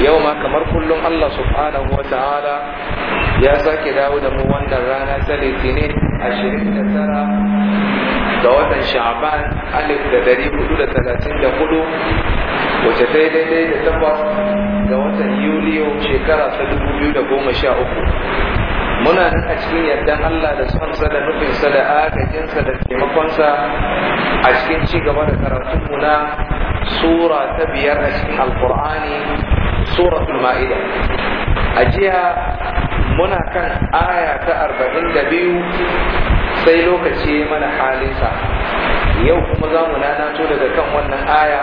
yau ma kamar kullum Allah subhanahu wa ta'ala ya sake dawo da mu wannan rana ta litinin ashirin da tara ga watan sha'ban alif da dari hudu da talatin da hudu wace ta daidai da takwas ga watan yuliyo shekara ta dubu biyu da goma sha uku muna nan a cikin yardan Allah da sonsa da nufinsa da agajinsa da taimakonsa a cikin ci gaba da karatunmu na sura ta biyar a cikin alkur'ani sura ma'ida a jiya muna kan aya ta arba'in da biyu sai lokaci mana halinsa yau kuma za mu nanato daga kan wannan aya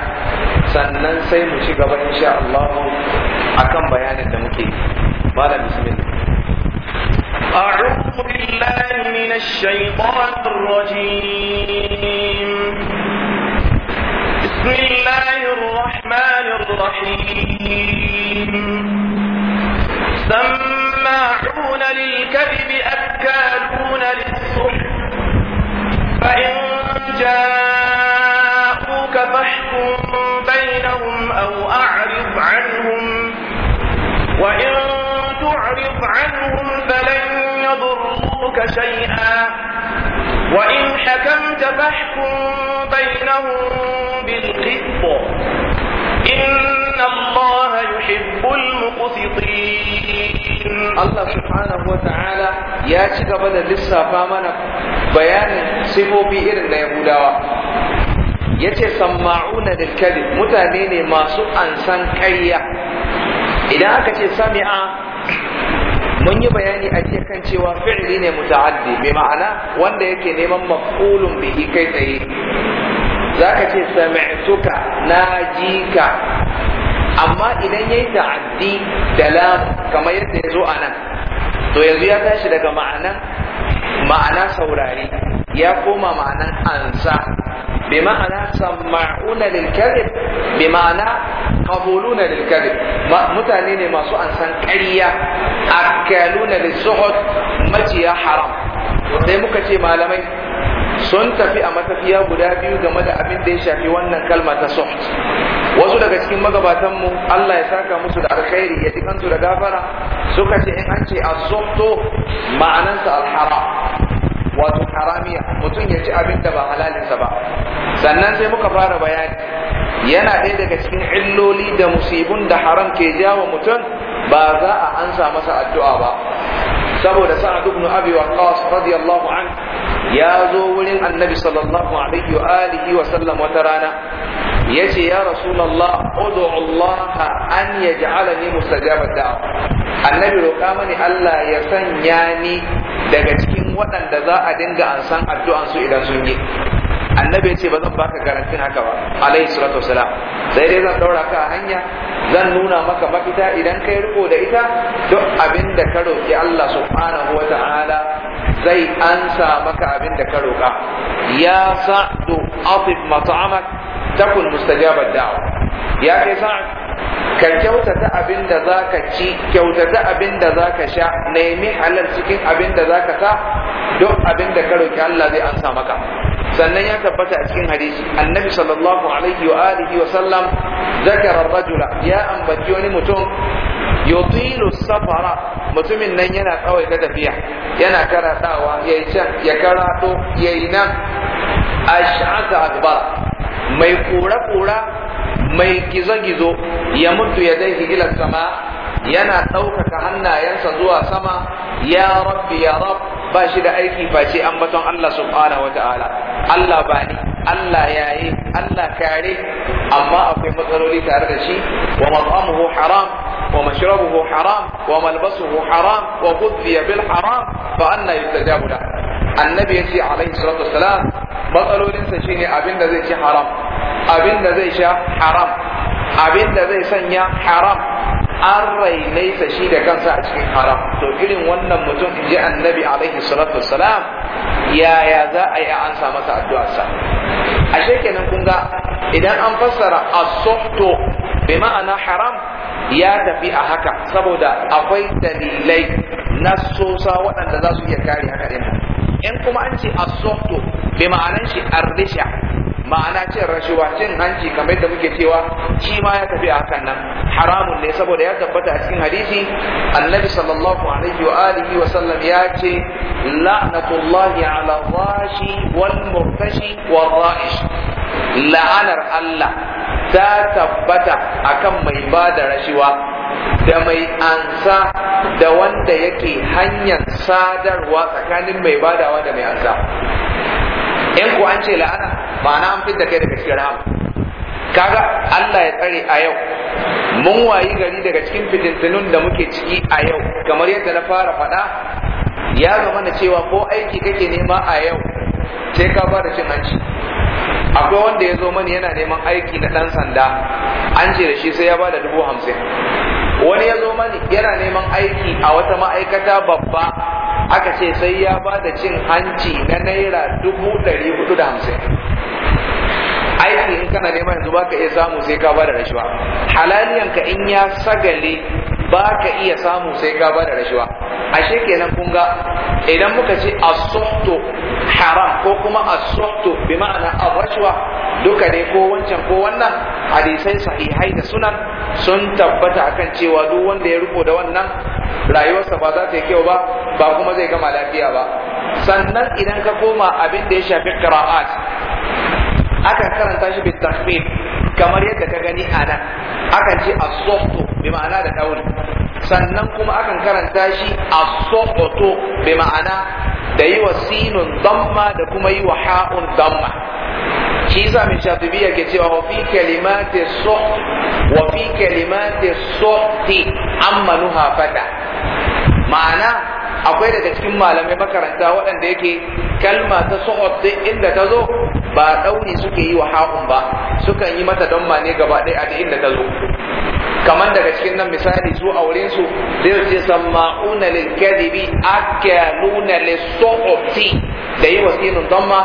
sannan sai mu ci gaba insha Allah akan bayanin da muke malam bismillah أعوذ بالله من الشيطان الرجيم بسم الله الرحمن الرحيم سماعون للكذب أكالون للصحب فإن جاءوك فاحكم بينهم أو أعرض عنهم وإن ربك شيئا وإن حكمت فاحكم بينهم بالقسط إن الله يحب المقسطين الله سبحانه وتعالى يا شكبا لسا فامنا بيان صفو في إرن يهوداوا yace samma'una lil kalib mutane ne masu ansan kayya idan aka ce sami'a mun yi bayani a ce kan cewa fi'li ne muta'addi bi ma'ana wanda yake neman maf'ulun bihi kai tsaye zaka ce sami'tuka najika amma idan yayi ta'addi da lam kamar yadda yazo anan to yanzu ya tashi daga ma'anan ma'ana saurari ya koma ma'anan ansa بمعنى سمعون للكذب بمعنى قبولون للكذب متاني ne masu ansan san ƙarya akaluna lisuhud maciya haram sai muka ce malamai sun tafi a matafiya guda biyu game da abin da ya shafi wannan kalma ta soft wasu daga cikin magabatanmu Allah ya saka musu da alkhairi ya ji kansu da gafara suka ce in an ce a suhd ma'anansa al wato haramiya mutum ya ci abin da ba halalinsa ba sannan sai muka fara bayani yana ɗaya daga cikin illoli da musibun da haram ke jawo mutum ba za a ansa masa addu'a ba saboda sa'ad ibn abi waqqas radiyallahu an ya zo wurin annabi sallallahu alaihi wa alihi wa sallam wata rana yace ya rasulullah ud'u Allah an yaj'alani mustajabad da'a annabi roƙa mani Allah ya sanya ni daga cikin waɗanda za a dinga an san addu'ansu idan sun yi annabi ce ba zan baka garantin haka ba alaihi salatu wasalam sai dai zan daura ka a hanya zan nuna maka mafita idan kai riko da ita duk abin da ka roki Allah subhanahu wa ta'ala zai ansa maka abin da ka roka ya sa'du afif mat'amak takun mustajabad da'wa ya kai sa'd ka kyautata abin da za ka ci kyautata abin da za ka sha nemi halal cikin abin da za ka sa don abin da ka roki Allah zai ansa maka sannan ya tabbata a cikin hadisi annabi sallallahu alaihi wa alihi wa sallam zakara rajula ya ambaci wani mutum yutilu safara mutumin nan yana kawai ta tafiya yana karatawa yayi can ya karato yayi nan ash'aza akbar mai kura kura mai gizo-gizo ya mutu ya dai ila sama yana ɗaukaka hannayensa zuwa sama ya rabbi ya rab ba shi da aiki face ambaton Allah subhanahu wa ta'ala Allah ba ni Allah yayi Allah kare amma akwai matsaloli tare da shi wa mat'amuhu haram wa mashrabuhu haram wa malbasuhu haram wa ghudhiya bil haram fa anna yustajabu annabi ya ce alaihi salatu wassalam matsalolinsa shine abin da zai ci haram abin da zai sha haram abin da zai sanya haram an rainaisa shi da kansa a cikin haram to irin wannan mutum in ji annabi alaihi salatu wassalam yaya za a yi an sa masa addu'arsa ashe kenan kun ga idan an fassara as-suhtu bi ma'ana haram ya tafi a haka saboda akwai dalilai na sosa waɗanda za su iya kare haka ɗin in kuma an ce asofto bi ma'anan shi ar-risha ma'ana cin rashuwa cin hanci kamar yadda muke cewa shi ma ya tafi a hakan nan haramun ne saboda ya tabbata a cikin hadisi annabi sallallahu alaihi wa alihi wa sallam ya ce la'natullahi ala washi wal murtashi wa ra'ish la'anar Allah ta tabbata akan mai ba da rashuwa. da mai ansa da wanda yake hanyar sadarwa tsakanin mai badawa da mai ansa in ku an ce la'ana ma'ana an fidda kai daga cikin rahama kaga Allah ya tsare a yau mun wayi gari daga cikin fitintunun da muke ciki a yau kamar yadda na fara faɗa ya zama na cewa ko aiki kake nema a yau sai ka ba cin hanci akwai wanda ya zo mani yana neman aiki na ɗan sanda an ce da shi sai ya ba da dubu hamsin wani ya zo mani yana neman aiki a wata ma'aikata babba aka ce sai ya ba da cin hanci na naira dubu ɗari hudu da hamsin aiki in kana neman yanzu ka iya samu sai ka ba da rashuwa halaliyanka in ya sagale ba ka iya samu sai ka bada rashuwa. ashe kenan kun ga idan muka ce as-suhtu haram ko kuma as-suhtu bi ma'ana ar-rashwa duka dai ko wancan ko wannan hadisai sahihai da sunan sun tabbata akan cewa duk wanda ya riko da wannan rayuwarsa ba za ta yi kyau ba ba kuma zai gama lafiya ba sannan idan ka koma abin da ya shafi qira'at akan karanta shi bi kamar yadda ka gani anan, nan akan ce as-suhtu bi ma'ana da dauri sannan kuma akan karanta shi a suqtu bi ma'ana da yi wa sinun damma da kuma yi wa ha'un damma shi yasa min yake cewa wa fi kalimati suht wa fi kalimati amma nuha fata ma'ana akwai daga cikin malamai makaranta waɗanda yake kalma ta suhud inda ta zo ba ɗauri suke yi wa haƙun ba sukan yi mata damma ne gaba ɗaya a inda ta zo kamar daga cikin nan misali su a wurin su da yau ce sama'una lil kadhibi akaluna lis suhti da yi wasinun damma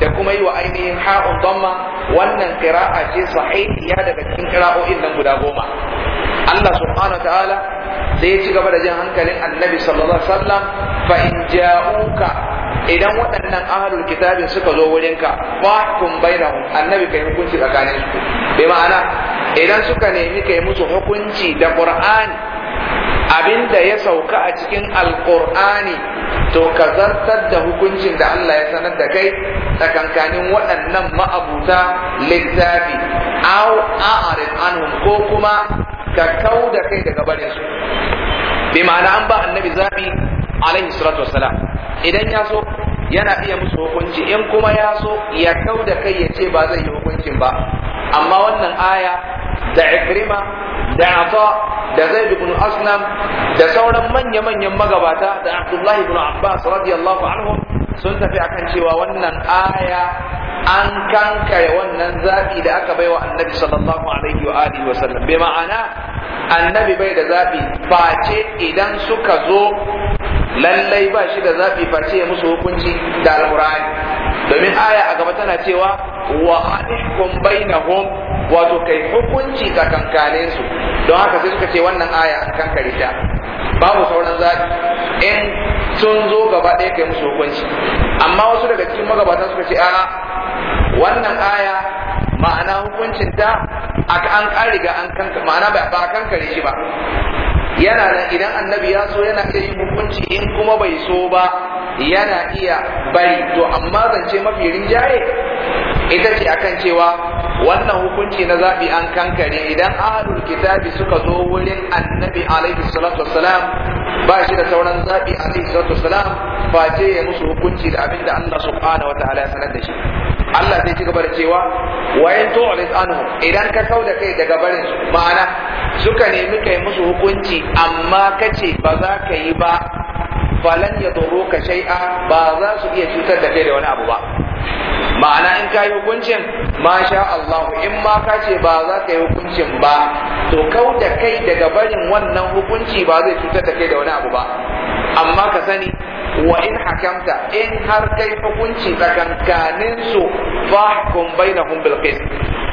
da kuma yi wa ainihin ha'un damma wannan kira'a ce sahihiya daga cikin kira'o'in nan guda goma Allah subhanahu wa ta'ala sai ya ci gaba da jan hankalin annabi sallallahu alaihi wasallam fa in ja'uka idan waɗannan ahlul kitabin suka zo wurinka fahkum bainahum annabi kai hukunci tsakanin su bi ma'ana idan suka nemi kai musu hukunci da qur'ani abinda ya sauka a cikin alqur'ani to ka zartar da hukuncin da Allah ya sanar da kai tsakankanin waɗannan ma'abuta littafi aw a'rid anhum ko kuma ka kau da kai daga barin su bi ma'ana an ba annabi zabi alaihi salatu wassalam idan ya so yana iya musu hukunci in kuma ya so ya kau da kai ya ce ba zai yi hukuncin ba amma wannan aya da ikrima da ata da zaid ibn aslam da sauran manya-manyan magabata da abdullahi ibn abbas radiyallahu anhu sun tafi akan cewa wannan aya an kankare wannan zaɓi da aka baiwa annabi sallallahu alaihi wa alihi wa sallam ma'ana annabi bai da zabi face idan suka zo lallai ba shi da zaɓi face ya musu hukunci da alƙur'ani domin aya a gaba tana cewa wa alaikum bainahum wato kai hukunci tsakankanin su don haka sai suka ce wannan aya an kankare ta babu sauran zaɓi in sun zo gaba ɗaya kai musu hukunci amma wasu daga cikin magabatan suka ce a'a wannan aya ma'ana hukuncin ta an riga an kankare ma'ana ba a kankare shi ba yana nan idan annabi ya so yana iya yin hukunci in kuma bai so ba yana iya bari to amma zance mafi rinjaye ita ce akan cewa wannan hukunci na zaɓi an kankare idan ahlul kitabi suka zo wurin annabi alaihi salatu wassalam ba shi da sauran zaɓi alaihi salatu wassalam face ya musu hukunci da abin da Allah subhanahu wa ta'ala ya sanar da shi Allah zai ci gaba da cewa wa in tu'rid anhum idan ka kauda kai daga barin su ma'ana suka nemi kai musu hukunci amma kace ba za ka yi ba falan ya ka shay'a ba za su iya cutar da kai da wani abu ba ma'ana in ka yi hukuncin masha Allah in ma ka ce ba za ka yi hukuncin ba to kau da kai daga barin wannan hukunci ba zai cutar da kai da wani abu ba amma ka sani wa in hakamta in har kai hukunci tsakankanin su fahkum bainahum bil qist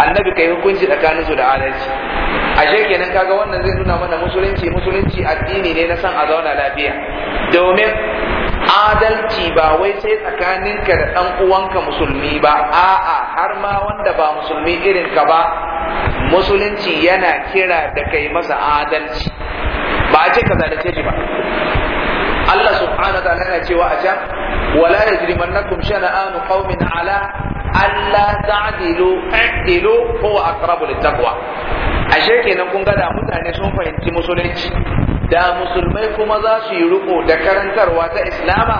annabi kai hukunci tsakanin su da adalci ashe kenan kaga wannan zai nuna mana musulunci musulunci addini ne na san a zauna lafiya domin adalci ba wai sai tsakaninka da ɗan uwanka musulmi ba a'a har ma wanda ba musulmi irin ka ba musulunci yana kira da kai masa adalci ba a ce ka zalace shi ba Allah subhanahu ta'ala yana cewa a can wala yajrimannakum shana'anu qaumin ala alla ta'dilu i'dilu huwa aqrabu littaqwa ashe kenan kun ga da mutane sun fahimci musulunci da musulmai kuma za su yi riko da karantarwa ta islama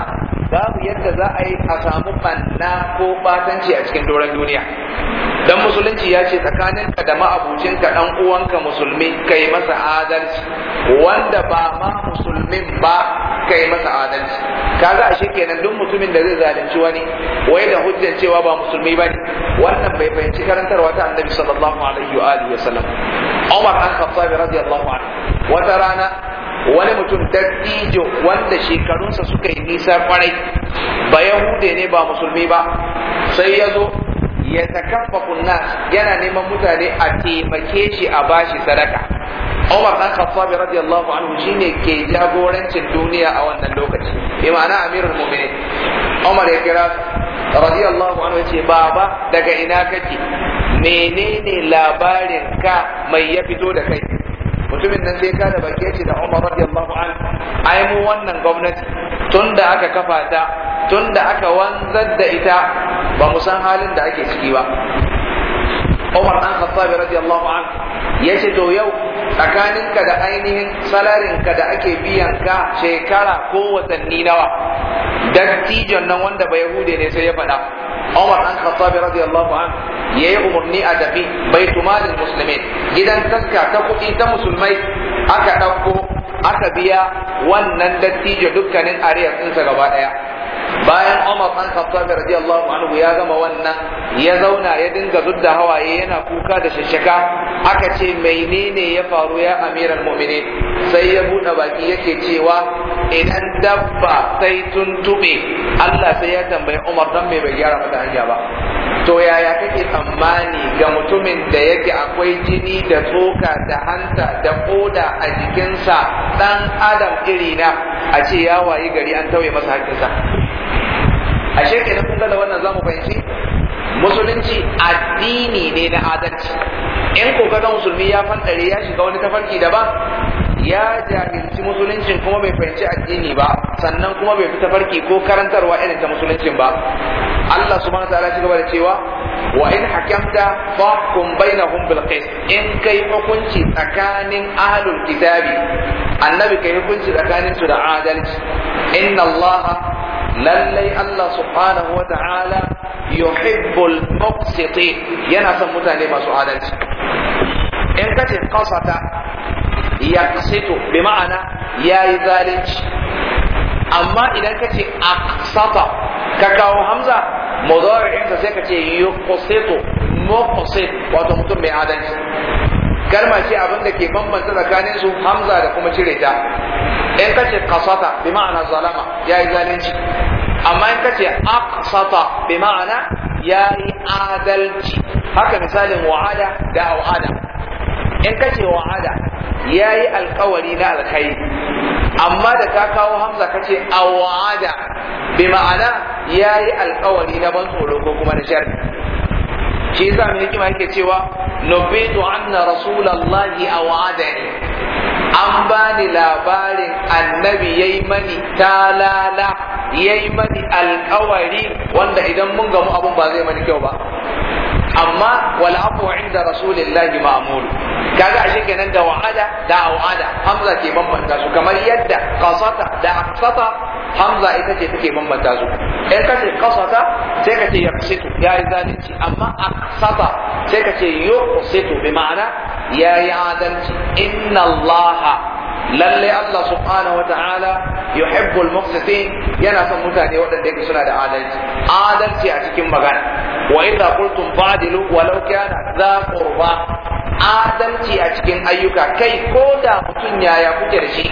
babu yadda za a yi a samu banna ko batanci a cikin doron duniya dan musulunci ya ce tsakaninka da ma'abucinka dan uwanka musulmi kai masa adalci wanda ba ma musulmin ba kai masa adalci kaga ashe kenan duk mutumin da zai zalunci wani wai da hujjar cewa ba musulmi bane wannan bai fahimci karantarwa ta annabi sallallahu alaihi wa alihi wasallam Umar an Khattab radiyallahu anhu wata rana wani mutum dattijo wanda shekarunsa suka yi nisa kwarai ba yahude ne ba musulmi ba sai ya zo ya takaffa kunna, yana neman mutane a taimake shi a bashi sadaka Umar dan Khattab radiyallahu anhu shine ke jagorancin duniya a wannan lokaci bi ma'ana amirul mu'minin Umar ya kira radiyallahu anhu yace baba daga ina kake menene labarin ka mai ya fito da kai mutumin nan sai kada baki ya ce da Umar radiyallahu an ai mu wannan gwamnati tunda aka kafa ta tunda aka wanzar da ita ba mu san halin da ake ciki ba Umar dan Khattab radiyallahu anhu yace to yau tsakaninka da ainihin salarinka da ake biyan ka shekara ko watanni nawa dattijon nan wanda ba yahude ne sai ya faɗa Umar dan Khattab radiyallahu anhu yayi umarni a tafi baitu malil muslimin gidan taska ta kuɗi ta musulmai aka ɗauko aka biya wannan dattijo dukkanin ariyar ɗinsa gaba ɗaya bayan Umar dan Khattab radiyallahu anhu ya gama wannan ya zauna ya dinga zudda hawaye yana kuka da shishika aka ce menene ya faru ya amiran mu'minin sai ya buɗe baki yake cewa idan dabba sai tuntube Allah sai ya tambayi Umar dan mai bai gyara mata hanya ba to yaya kake tsammani ga mutumin da yake akwai jini da tsoka da hanta da koda a jikinsa dan adam iri na? a ce ya wayi gari an tauye masa hakkinsa ashe kenan kun ga da wannan zamu fahimci musulunci addini ne na adalci in ga musulmi ya fantare ya shiga wani tafarki daban ya jahilci musuluncin kuma bai fahimci addini ba sannan kuma bai fi tafarki ko karantarwa irin ta musuluncin ba Allah subhanahu wa ta'ala gaba da cewa wa in hakamta fahkum bainahum bil qist in kai hukunci tsakanin ahlul kitabi annabi kai hukunci tsakanin su da adalci inna Allah lallai Allah subhanahu wa ta'ala yuhibbul muqsiti yana son mutane masu adalci in kace qasata yaqsitu bi ma'ana yayi zalunci amma idan kace aqsata ka kawo hamza mudari'in sai kace yuqsitu muqsit wato mutum mai adalci kalma ce abin da ke bambanta tsakanin su hamza da kuma cire ta in ka ce kasata bi ma'ana zalama ya yi zalunci amma in ka ce aqsata bi ma'ana ya yi adalci haka misalin wa'ada da au'ada in ka ce wa'ada ya yi alkawari na alkhairi amma da ka kawo hamza ka ce awada bi ma'ana ya yi alkawari na ban tsoro ko kuma na sharri shi yasa mai hikima yake cewa nubitu anna rasulullahi awadani an bani labarin annabi yayi mani talala yayi mani alkawari wanda idan mun gamu abun ba zai mani kyau ba amma wal afu inda rasulillahi ma'mul kaga ashe kenan da wa'ada da au'ada hamza ke bambanta su kamar yadda qasata da aqsata hamza ita ce take bambanta su in ka ce qasata sai ka ce yaqsitu yayi zalunci amma aqsata sai ka ce yuqsitu bi ma'ana yayi adalci inna allaha lalle Allah subhanahu wa ta'ala yuhibbul muqsitin yana son mutane waɗanda yake suna da adalci adalci a cikin magana wa idza qultum fadilu walau kana za qurba adalci a cikin ayyuka kai ko da mutum yaya kuke da shi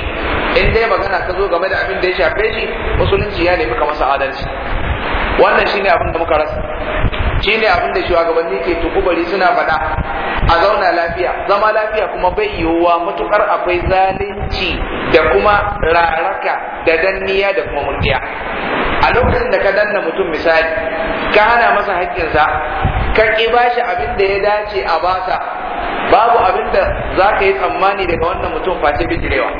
in dai magana ta zo game da abin da ya shafe shi musulunci ya nemi ka masa adalci wannan shine abin da muka rasa shi ne abin da shugabanni ke tukubari suna faɗa a zauna lafiya zama lafiya kuma bai yiwuwa matukar akwai zalunci da kuma raraka da danniya da kuma murdiya a lokacin da ka danna mutum misali ka hana masa haƙƙinsa ka ƙi ba shi abin da ya dace a basa babu abin da za ka yi tsammani daga wannan mutum face bijirewa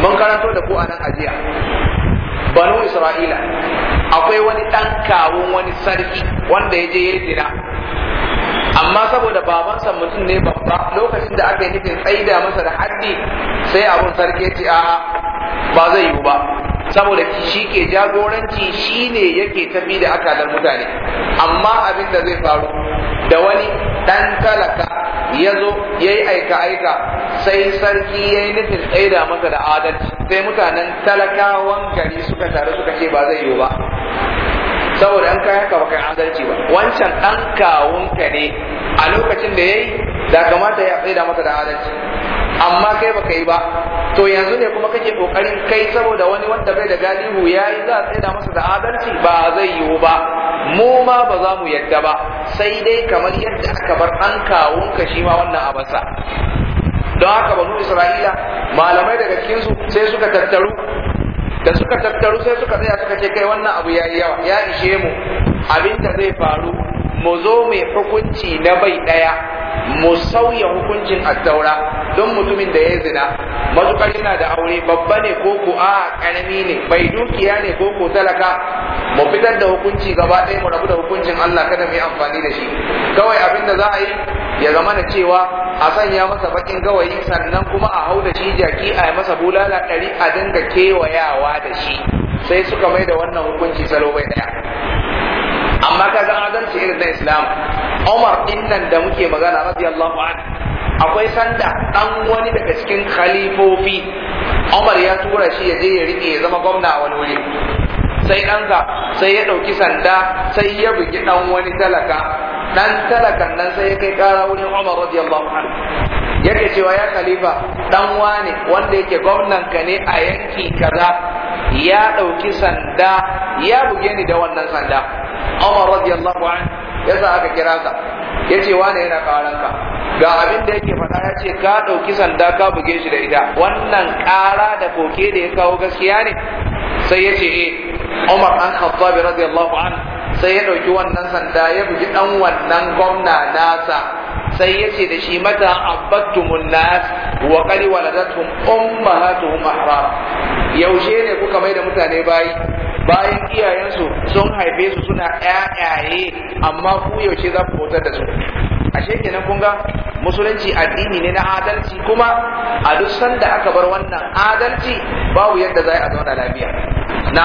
mun karanto da ku a nan ajiya banu isra'ila akwai wani ɗan kawun wani sarki wanda ya je ya amma saboda babansa mutum ne babba lokacin da aka yi nufin tsaida masa da haddi sai abun sarki ya ce a ba zai yiwu ba saboda shi ke jagoranci shi ne yake tafi da akalar mutane amma abin da zai faru da wani dan talaka ya zo ya yi aika-aika sai sarki ya yi nufin tsaida masa da adalci sai mutanen talakawan gari suka taru suka ce ba zai yiwu ba saboda an kai haka yi adalci ba wancan dan kawunka ne a lokacin da ya yi, da kamata ya tsaida masa da adalci amma kai baka yi ba to yanzu ne kuma kake kokarin kai saboda wani wanda bai da galihu yayi za a tsaya masa da adalci ba zai yiwu ba mu ma ba za mu yadda ba sai dai kamar yadda aka bar an kawun ka shi ma wannan abasa don haka banu isra'ila malamai daga cikin su sai suka tattaru da suka tattaru sai suka tsaya suka ce kai wannan abu yayi yawa ya ishe mu abin zai faru mu zo mai hukunci na bai daya Musauya sauya hukuncin attaura don mutumin da ya zina matukar yana da aure babba ne ko ku a karami ne bai dukiya ne ko ku talaka mu fitar da hukunci gaba ɗaya mu rabu da hukuncin Allah kada mu yi amfani da shi kawai abin da za a yi ya zama da cewa a sanya masa bakin gawayi sannan kuma a hau da shi jaki a yi masa bulala ɗari a dinga kewayawa da shi sai suka mai da wannan hukunci salo bai ɗaya amma kaga adalci irin na islam umar din da muke magana radiyallahu anhu akwai sanda dan wani daga cikin khalifofi umar ya tura shi ya je ya rike ya zama gwamna a wani wuri sai ɗansa sai ya ɗauki sanda sai ya bugi ɗan wani talaka ɗan talakan nan sai ya kai ƙara wurin Umar radiyallahu anhu yake cewa ya khalifa ɗan wani wanda yake gwamnan ka ne a yanki kaza ya ɗauki sanda ya buge ni da wannan sanda Umar radiyallahu anhu yasa aka kira ka yace wane yana karan ka ga abin da yake faɗa yace ka ɗauki sanda ka buge shi da ita wannan ƙara da koke da ya kawo gaskiya ne sai yace eh Umar an Khattab radiyallahu an sai ya ɗauki wannan sanda ya bugi ɗan wannan gwamna nasa sai ya ce da shi mata abbatumun nas wa qali waladatuhum ummahatuhum ahrar yaushe ne kuka mai da mutane bayi bayan iyayensu sun haife su suna ƴaƴaye amma ku yaushe za ku hotar da su ashe kenan kun ga musulunci addini ne na adalci kuma a duk sanda aka bar wannan adalci babu yadda za a zauna lafiya na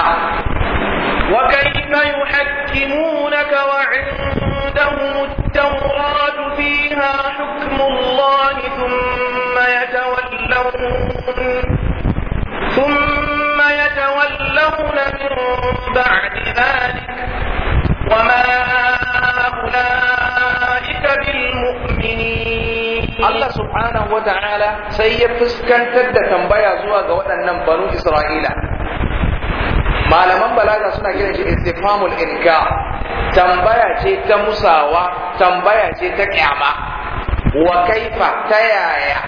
وكيف يحكمونك وعندهم التوراة فيها حكم الله ثم يتولون ثم يتولون من بعد ذلك وما أولئك بالمؤمنين الله سبحانه وتعالى سيفس كان تدى تنبيا زوا قوانا بنو إسرائيل ما لمن بلاغا سنة كده استفهام الإنكار tambaya ce ta musawa tambaya ce ta kyama wa kaifa ta yaya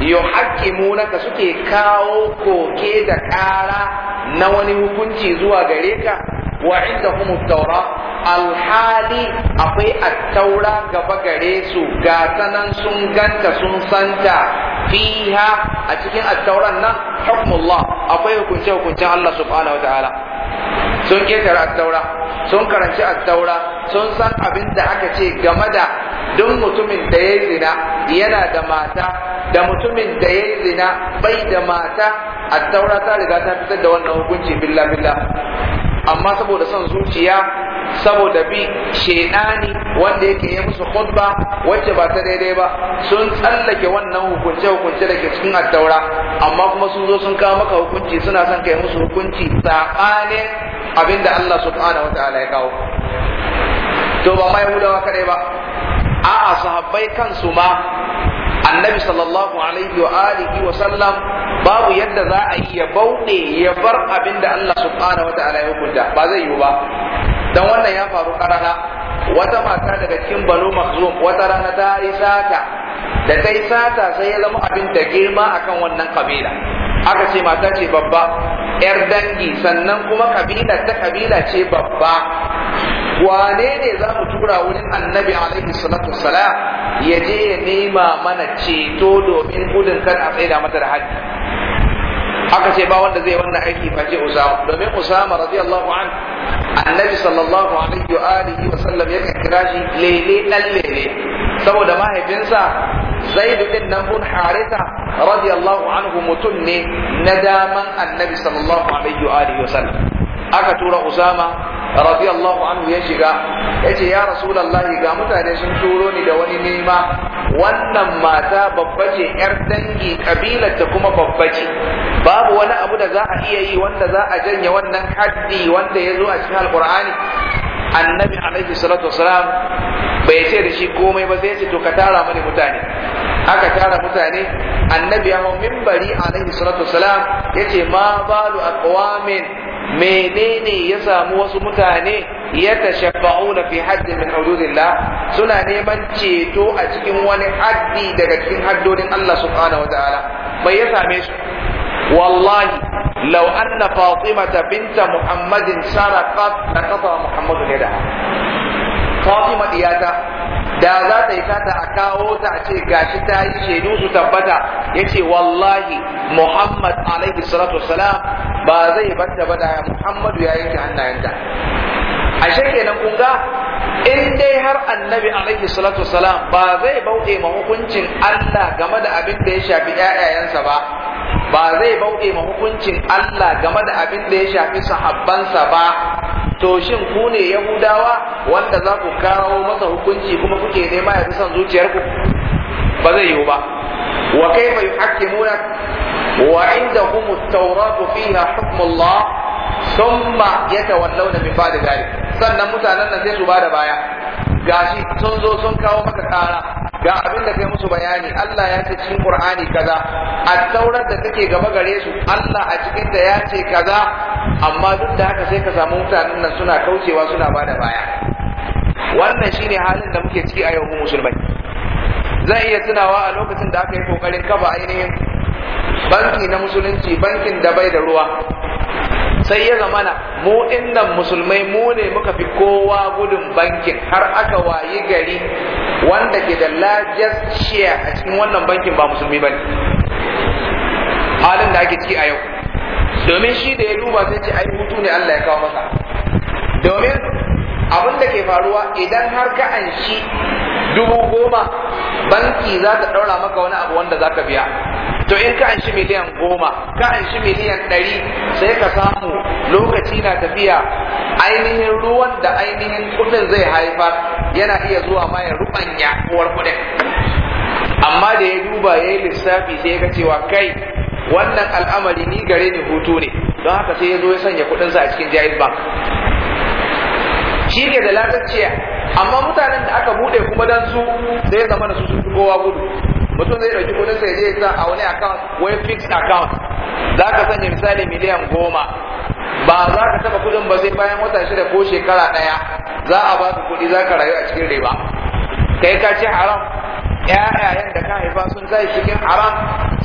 Yau yuhaqqimunaka suke kawo koke da ƙara na wani hukunci zuwa gare ka wa indahum taura alhali akwai attaura gaba gare su ga sanan sun ganta sun santa fiha a cikin at-tauran nan hukmullah akwai hukunce hukuncen Allah subhanahu wa ta'ala sun ketare attaura, sun karanci attaura, sun san abin da aka ce game da duk mutumin da ya zina yana da mata da mutumin da ya zina bai da mata at-taura ta riga ta fitar da wannan hukunci billa billah amma saboda son zuciya saboda bi shedani wanda yake yi musu khutba wacce ba ta daidai ba sun tsallake wannan hukunce hukunce da ke cikin addaura. amma kuma sun zo sun kawo maka hukunci suna son kai musu hukunci sabanin abinda Allah subhanahu wataala ya kawo to ba ma yahudawa kadai ba a'a sahabbai kansu ma annabi sallallahu alaihi wa alihi wa sallam babu yadda za a yi ya bauɗe ya bar abin da Allah subhanahu wa ta'ala ya hukunta ba zai yiwu ba dan wannan ya faru karana wata mata daga cikin banu makhzum wata rana ta yi sata da ta yi sata sai ya zama abin da girma akan wannan kabila aka ce mata ce babba yar dangi sannan kuma kabila ta kabila ce babba wane ne za mu tura wurin annabi alaihi salatu wassalam ya je ya nema mana ceto domin gudun kan a tsaida mata da haddi aka ce ba wanda zai wannan aiki face Usama domin Usama radiyallahu an annabi sallallahu alaihi wa alihi wa sallam ya kira shi lele dan lele saboda mahaifinsa zaidu bin nan bin harisa radiyallahu anhu mutum ne na daman annabi sallallahu alaihi wa alihi wasallam aka tura usama radiyallahu anhu ya shiga ya ce ya rasulallahi ga mutane sun turo ni da wani nema wannan mata babba ce yar dangi kabilar ta kuma babba ce babu wani abu da za a iya yi wanda za a janye wannan haddi wanda ya zo a cikin alkur'ani annabi alaihi salatu wasalam bai ce da shi komai ba sai ya ce to ka tara mani mutane aka tara mutane annabi ya mimbari alaihi salatu wasalam ya ce ma balu aqwamin menene ya samu wasu mutane ya tashabba'una fi haddin min hududillah suna neman ceto a cikin wani haddi daga cikin haddodin Allah subhanahu wataala bai ya same su wallahi لو أن فاطمة بنت محمد سرقت لقطع محمد يدها فاطمة دياتا da za ta yi sata a kawo ta a ce gashi ta yi shaidu su tabbata ya ce wallahi muhammad alaihi salatu salam ba zai banta ba da muhammadu ya yanke hannayenta A kenan na kunga in dai har annabi alaihi salatu salam ba zai bauɗe ma hukuncin Allah game da abin da ya shafi ƴaƴayensa ba ba zai bauɗe ma hukuncin Allah game da abin da ya shafi sahabbansa ba to shin ku ne yahudawa wanda za ku kawo masa hukunci kuma kuke nema ya fi son zuciyarku ba zai yiwu ba wa kaifa yuhakkimuna wa indahum at-tauratu fiha hukmullah thumma yatawallawna min ba'di dhalik sannan mutanen nan sai su da baya gashi sun zo sun kawo maka kara ga abin da kai musu bayani Allah ya ce cikin Qur'ani kaza a taurar da take gaba gare su Allah a cikin ta ya ce kaza amma duk da haka sai ka samu mutanen nan suna kaucewa suna bada baya wannan shine halin da muke ciki a yau musulmai zan iya tunawa a lokacin da aka yi kokarin kafa ainihin banki na musulunci bankin da bai da ruwa sai ya zamana mu innan musulmai mu ne muka fi kowa gudun bankin har aka wayi gari wanda ke da largest share a cikin wannan bankin ba musulmi ba ne halin da ake ciki a yau domin shi da ya duba sai ce ai hutu ne Allah ya kawo masa domin abin da ke faruwa idan har ka anshi dubu goma banki za ta ɗaura maka wani abu wanda za ka biya to in ka shi miliyan goma ka shi miliyan ɗari sai ka samu lokaci na tafiya ainihin ruwan da ainihin kuɗin zai haifa yana iya zuwa ma ya ruɓanya uwar kuɗin amma da ya duba ya yi lissafi sai ya cewa kai wannan al'amari ni gare ni hutu ne don haka sai ya zo ya sanya kuɗinsa a cikin jaiz bank shi ne da lafiya amma mutanen da aka bude kuma dan su sai zama da su sun kowa gudu mutum zai dauki kudin sai zai sa a wani account wai fixed account za ka sanya misali miliyan goma ba za ka taba kudin ba sai bayan wata shida ko shekara daya za a ba su kudi za ka rayu a cikin riba kai ka ce haram ƴaƴayen da ka haifa sun tashi cikin haram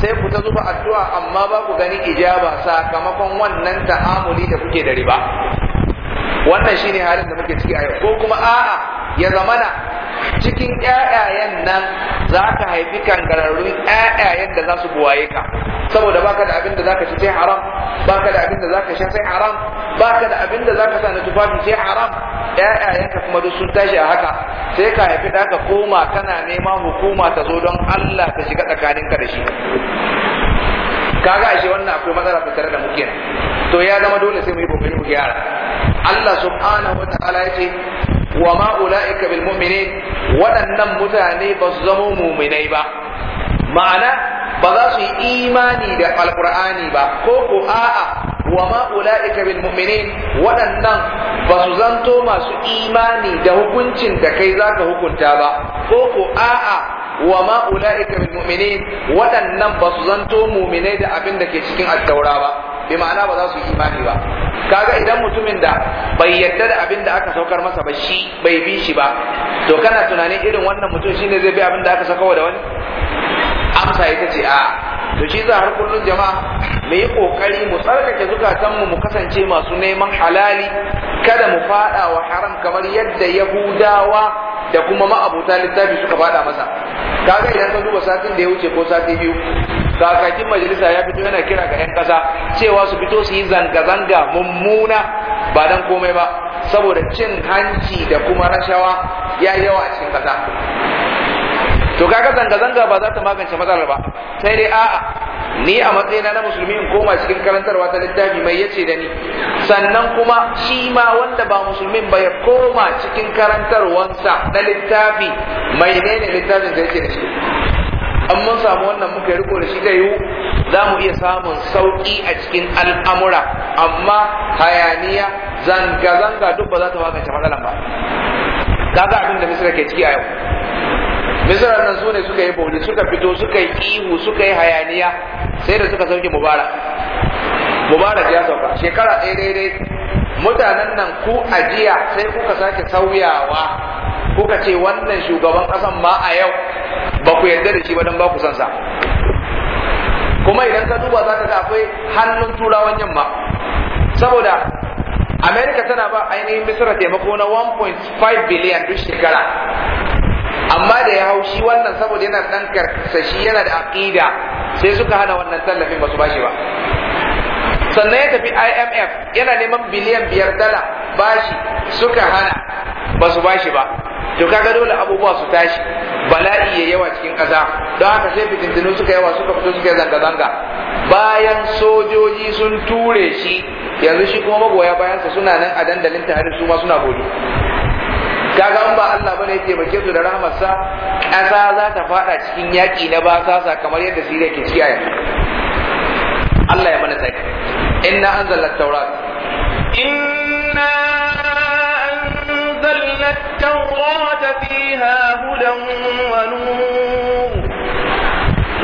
sai ku ta zuba addu'a amma ba ku gani ijaba sakamakon wannan ta'amuli da kuke da riba wannan shine halin da muke ciki a yau ko kuma a'a ya zamana cikin ƴaƴayen nan za ka haifi kangararrun ƴaƴayen da za su buwaye ka saboda baka da abin da zaka ci sai haram baka da abin da zaka sha sai haram baka da abin da zaka sa na tufafi sai haram ka kuma duk sun tashi a haka sai ka haifi ɗa ka koma kana neman hukuma ta zo don Allah ta shiga tsakaninka da shi kaga ashe wannan akwai matsala ta tare da mu kenan to ya zama dole sai mu yi kokari mu gyara Allah subhanahu wa ta'ala ce wa ma ulaika bil mu'minin waɗannan mutane ba su zama mu'minai ba ma'ana ba za su yi imani da alqur'ani ba ko ko a'a wa ma ulaika bil mu'minin waɗannan ba su zanto masu imani da hukuncin da kai zaka hukunta ba ko ko a'a wa ma ulaika bil mu'minin waɗannan ba su zanto mu'minai da abin da ke cikin addaura ba bi ma'ana ba za su yi imani ba kaga idan mutumin da bai yarda da abin da aka saukar masa ba shi bai bi shi ba to kana tunanin irin wannan mutum shine zai bi abin da aka saukar da wani amsa ita ce a to shi za har kullun jama'a mu yi kokari mu tsarkake zukatanmu mu kasance masu neman halali kada mu fada wa haram kamar yadda yahudawa da kuma ma'abuta littafi suka fada masa kaga idan ka duba satin da ya wuce ko sati biyu kakakin majalisa ya fito yana kira ga 'yan ƙasa cewa su fito su yi zanga-zanga mummuna ba dan komai ba saboda cin hanci da kuma rashawa ya yawa a cikin ƙasa to kaga zanga zanga ba za ta magance matsalar ba sai dai a'a ni a matsayina na musulmi in koma cikin karantarwa ta littafi mai yace da ni sannan kuma shi ma wanda ba musulmin ba ya koma cikin karantarwansa na littafi mai ne littafin da yake da shi an mun samu wannan muka yi riko da shi zai yiwu za mu iya samun sauƙi a cikin al'amura amma hayaniya zanga-zanga duk ba za ta magance matsalar ba kaga abin da misira ke ciki a yau misra nan sune ne suka yi bauli suka fito suka yi ihu suka yi hayaniya sai da suka sauke mubarak mubarak ya sauka shekara ɗaya daidai mutanen nan ku ajiya sai kuka sake sauyawa kuka ce wannan shugaban ƙasan ma a yau ba ku yarda da shi ba don ba ku san sa kuma idan ka duba za ka ga akwai hannun turawan yamma saboda Amerika tana ba ainihin misra taimako na 1.5 biliyan duk shekara amma da ya haushi wannan saboda yana dan karsashi yana da aqida sai suka hana wannan tallafin ba su bashi ba sannan ya tafi IMF yana neman biliyan biyar dala bashi suka hana ba su bashi ba to kaga dole abubuwa su tashi bala'i ya yawa cikin ƙasa don haka sai fitintinu suka yawa suka fito suka zanga-zanga bayan sojoji sun ture shi yanzu shi kuma magoya bayansa suna nan a dandalin tare su ma suna bodi kaga an ba Allah bane ya taimake su da rahmarsa ƙasa za ta fada cikin yaƙi na basasa kamar yadda Siriya ke ci a Allah ya mana tsaki inna anzalna at-taurat inna anzalna at-taurat fiha hudan wa nur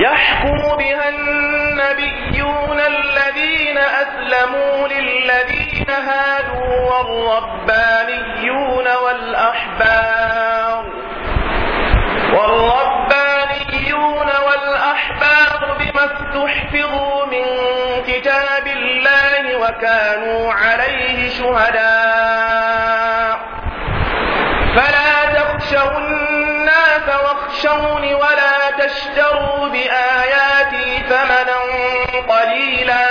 yahkumu biha an-nabiyyuna alladhina هادوا والربانيون والأحبار والربانيون والأحبار بما استحفظوا من كتاب الله وكانوا عليه شهداء فلا تخشوا الناس واخشوني ولا تشتروا بآياتي ثمنا قليلا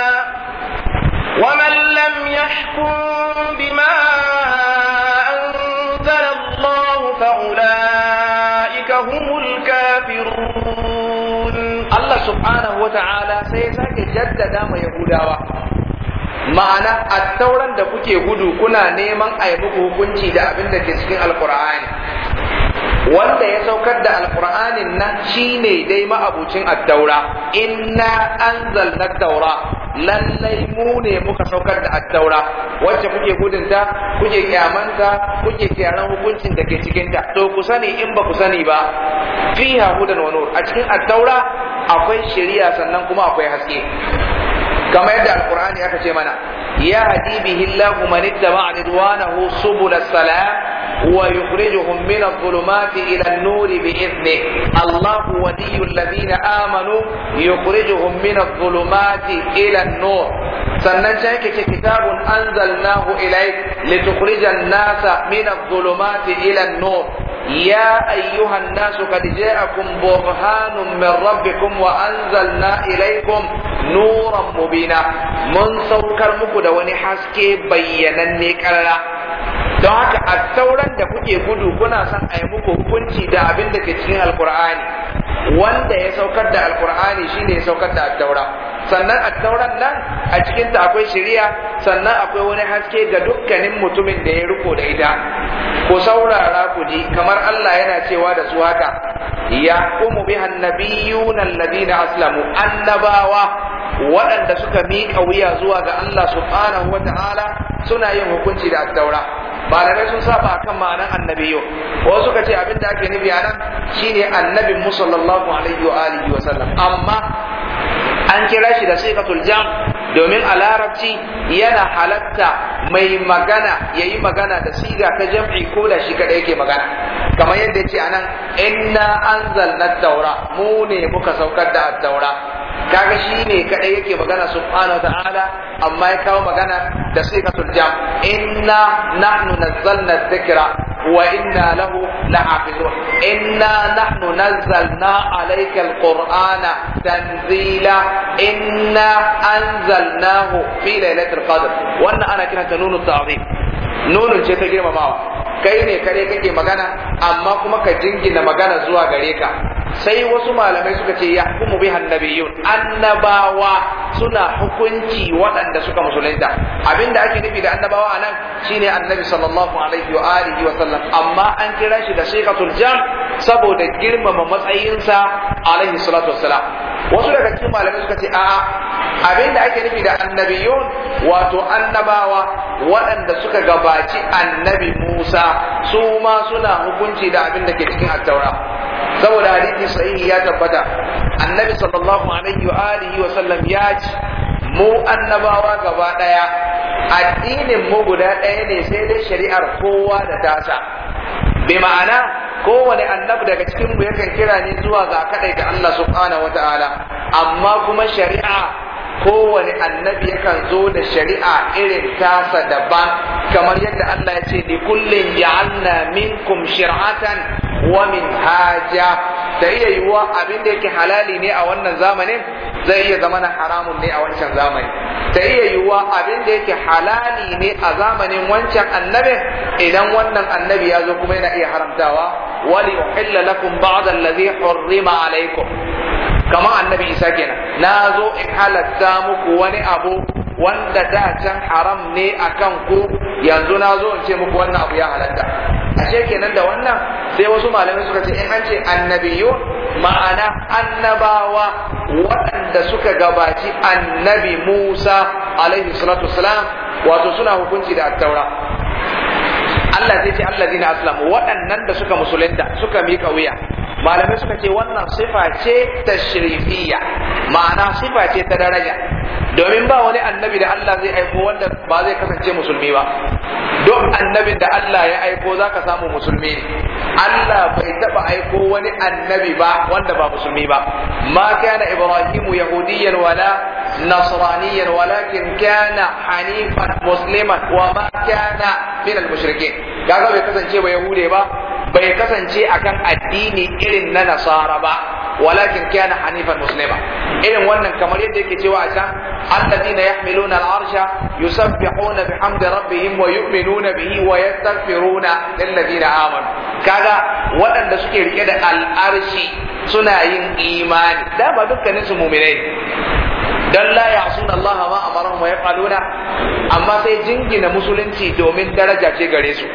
ومن لم يحكم بما أنزل الله فأولئك هم الكافرون الله سبحانه وتعالى سيساك جدد ما يهودا ma'ana a tauran da kuke gudu kuna neman a muku hukunci da abin da ke cikin alkur'ani wanda ya saukar da alkur'anin nan shine dai ma'abucin attaura inna anzalna taura lallai mu ne muka saukar da attaura wacce kuke gudunta kuke kyamanta kuke kyaran hukuncin da ke cikin ta to ku sani in ba ku sani ba fiha hudan wa nur a cikin attaura akwai shari'a sannan kuma akwai haske kamar yadda alqur'ani aka ce mana ya hadi bihi allah man ridwanahu subul salam ويخرجهم من الظلمات إلى النور بإذنه الله ولي الذين آمنوا يخرجهم من الظلمات إلى النور سننشأك كتاب أنزلناه إليك لتخرج الناس من الظلمات إلى النور يا أيها الناس قد جاءكم برهان من ربكم وأنزلنا إليكم نورا مبينا من سوكر مكو دواني حسكي بينا نيك الله don haka a sauran da kuke gudu kuna son a yi muku hukunci da abin da ke cikin alkur'ani wanda ya saukar da alkur'ani shine ya saukar da attaura sannan attauran nan a cikin ta akwai shari'a sannan akwai wani haske ga dukkanin mutumin da ya riko da ita ku saurara ku ji kamar Allah yana cewa da su haka yahkumu biha annabiyuna alladhina aslamu annabawa waɗanda suka miƙa wuya zuwa ga Allah subhanahu wata'ala suna yin hukunci da attaura malamai sun saba kan ma'anar annabiyo Ko suka ce abin da ake nufi anan shine annabin mu sallallahu alaihi wa alihi wa sallam amma an kira shi da sifatul jam domin a larabci yana halatta mai magana yayi magana da siga ta jam'i ko da shi kadai yake magana kamar yadda yace anan inna anzalna at-taura mu ne muka saukar da at-taura kaga shine kadai yake magana subhanahu wa ta'ala amma ya kawo magana da sigatul jam inna nahnu nazzalna dhikra wa inna lahu lahafizun inna nahnu nazzalna alayka alqur'ana tanzila inna anzalnahu fi lailatul qadr wannan ana kiranta nunu ta'zim nunun ce ta girmamawa kai ne kare kake magana amma kuma ka jingina magana zuwa gare ka sai wasu malamai suka ce ya hukumu bi hannabiyun annabawa suna hukunci waɗanda suka musulunta abinda ake nufi da annabawa anan shine annabi sallallahu alaihi wa alihi wa sallam amma an kira shi da shekatul jam saboda girmama matsayinsa alaihi salatu wassalam wasu daga cikin malamai suka ce a'a abin da ake nufi da annabiyun wato annabawa waɗanda suka gabaci annabi Musa su ma suna hukunci da abin da ke cikin attaura saboda hadisi sahihi ya tabbata annabi sallallahu alaihi wa alihi wa sallam ya ce mu annabawa gaba ɗaya addinin mu guda ɗaya ne sai dai shari'ar kowa da tasa bi ma'ana kowane annabi daga cikin mu yakan kira ne zuwa ga kadai ga Allah subhanahu wataala amma kuma shari'a kowane annabi yakan zo da shari'a irin tasa daban kamar yadda Allah ya ce li kullin ja'alna minkum shir'atan wa minhaja da iya yiwuwa abin da yake halali ne a wannan zamanin zai iya zama na haramun ne a wancan zamani da iya yiwuwa abin da yake halali ne a zamanin wancan annabin idan wannan annabi ya zo kuma yana iya haramtawa wali uhilla lakum ba'd allazi hurrima alaikum kamar annabi Isa kenan na zo in halatta muku wani abu wanda da can haram ne a kan ku yanzu na zo in ce muku wannan abu ya halatta ashe kenan da wannan sai wasu malamai suka ce in an ce annabiyu ma'ana annabawa waɗanda suka gabaci annabi Musa alaihi salatu salam, wato suna hukunci da attaura Allah zai ce Allah zina aslamu waɗannan da suka musulunta suka miƙa wuya malamai suka ce wannan sifa ce shirifiya ma'ana sifa ce ta daraja domin ba wani annabi da Allah zai aiko wanda ba zai kasance musulmi ba duk annabin da Allah ya aiko zaka samu musulmi ne Allah bai taba aiko wani annabi ba wanda ba musulmi ba ma kana ibrahimu yahudiyyan wala nasraniyan walakin kana hanifan musliman wa ma kana min al-mushrikeen kaga bai kasance ba yahude ba bai kasance akan addini irin na nasara ba walakin kana hanifan muslima irin wannan kamar yadda yake cewa a can alladina yahmiluna al'arsha yusabbihuna bihamdi rabbihim wa yu'minuna bihi wa yastaghfiruna lilladina amanu kaga waɗanda suke rike da al'arshi suna yin imani dama dukkanin su mu'minai dan la ya'suna Allah ma amarahum wa yaf'aluna amma sai jingina musulunci domin daraja ce gare su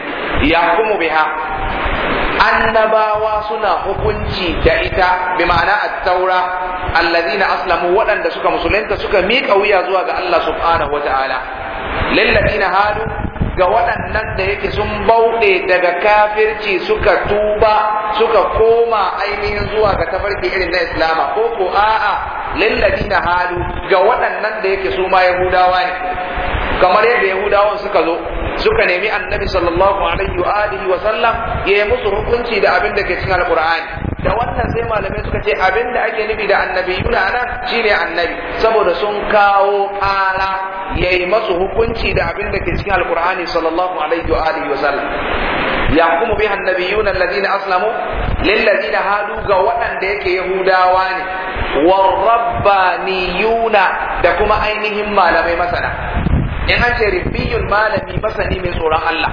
yahkumu biha annabawa suna hukunci da ita bi ma'ana at-taura allazina aslamu waɗanda suka musulunta suka miƙa wuya zuwa ga Allah subhanahu wata'ala lillazina halu, ga waɗannan da yake sun bauɗe daga kafirci suka tuba suka koma ainihin zuwa ga tafarki irin na islama ko ko a'a lillazina halu, ga waɗannan da yake su ma yahudawa ne kamar yadda yahudawan suka zo suka nemi annabi sallallahu alaihi wa alihi wa sallam ya yi musu hukunci da abin da ke cikin alqur'ani da wannan sai malamai suka ce abin da ake nufi da Annabi annabiyuna nan shine annabi saboda sun kawo ala ya yi masu hukunci da abin da ke cikin alqur'ani sallallahu alaihi wa alihi wa sallam yahkumu biha annabiyuna alladhina aslamu lilladhina hadu ga waɗanda yake yahudawa ne warrabbaniyuna da kuma ainihin malamai masana in an ce ribiyun malami masani mai tsoron Allah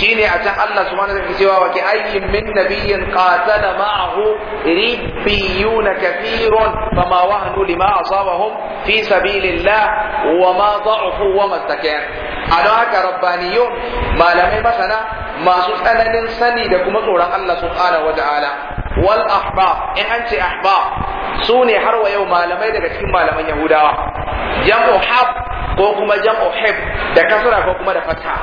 shine a can Allah subhanahu wa cewa wa ki ayyin min nabiyyin qatala ma'ahu ribbiyun kathirun fama wahnu lima asabahum fi sabilillah wa ma da'ufu wa mastakan adon haka rabbaniyun malamai masana masu tsananin sani da kuma tsoron Allah subhanahu wa ta'ala wal ahbab in an ce ahbab su ne har wa yau malamai daga cikin malaman yahudawa jam'u hab ko kuma jam'u hib da kasra ko kuma da fatha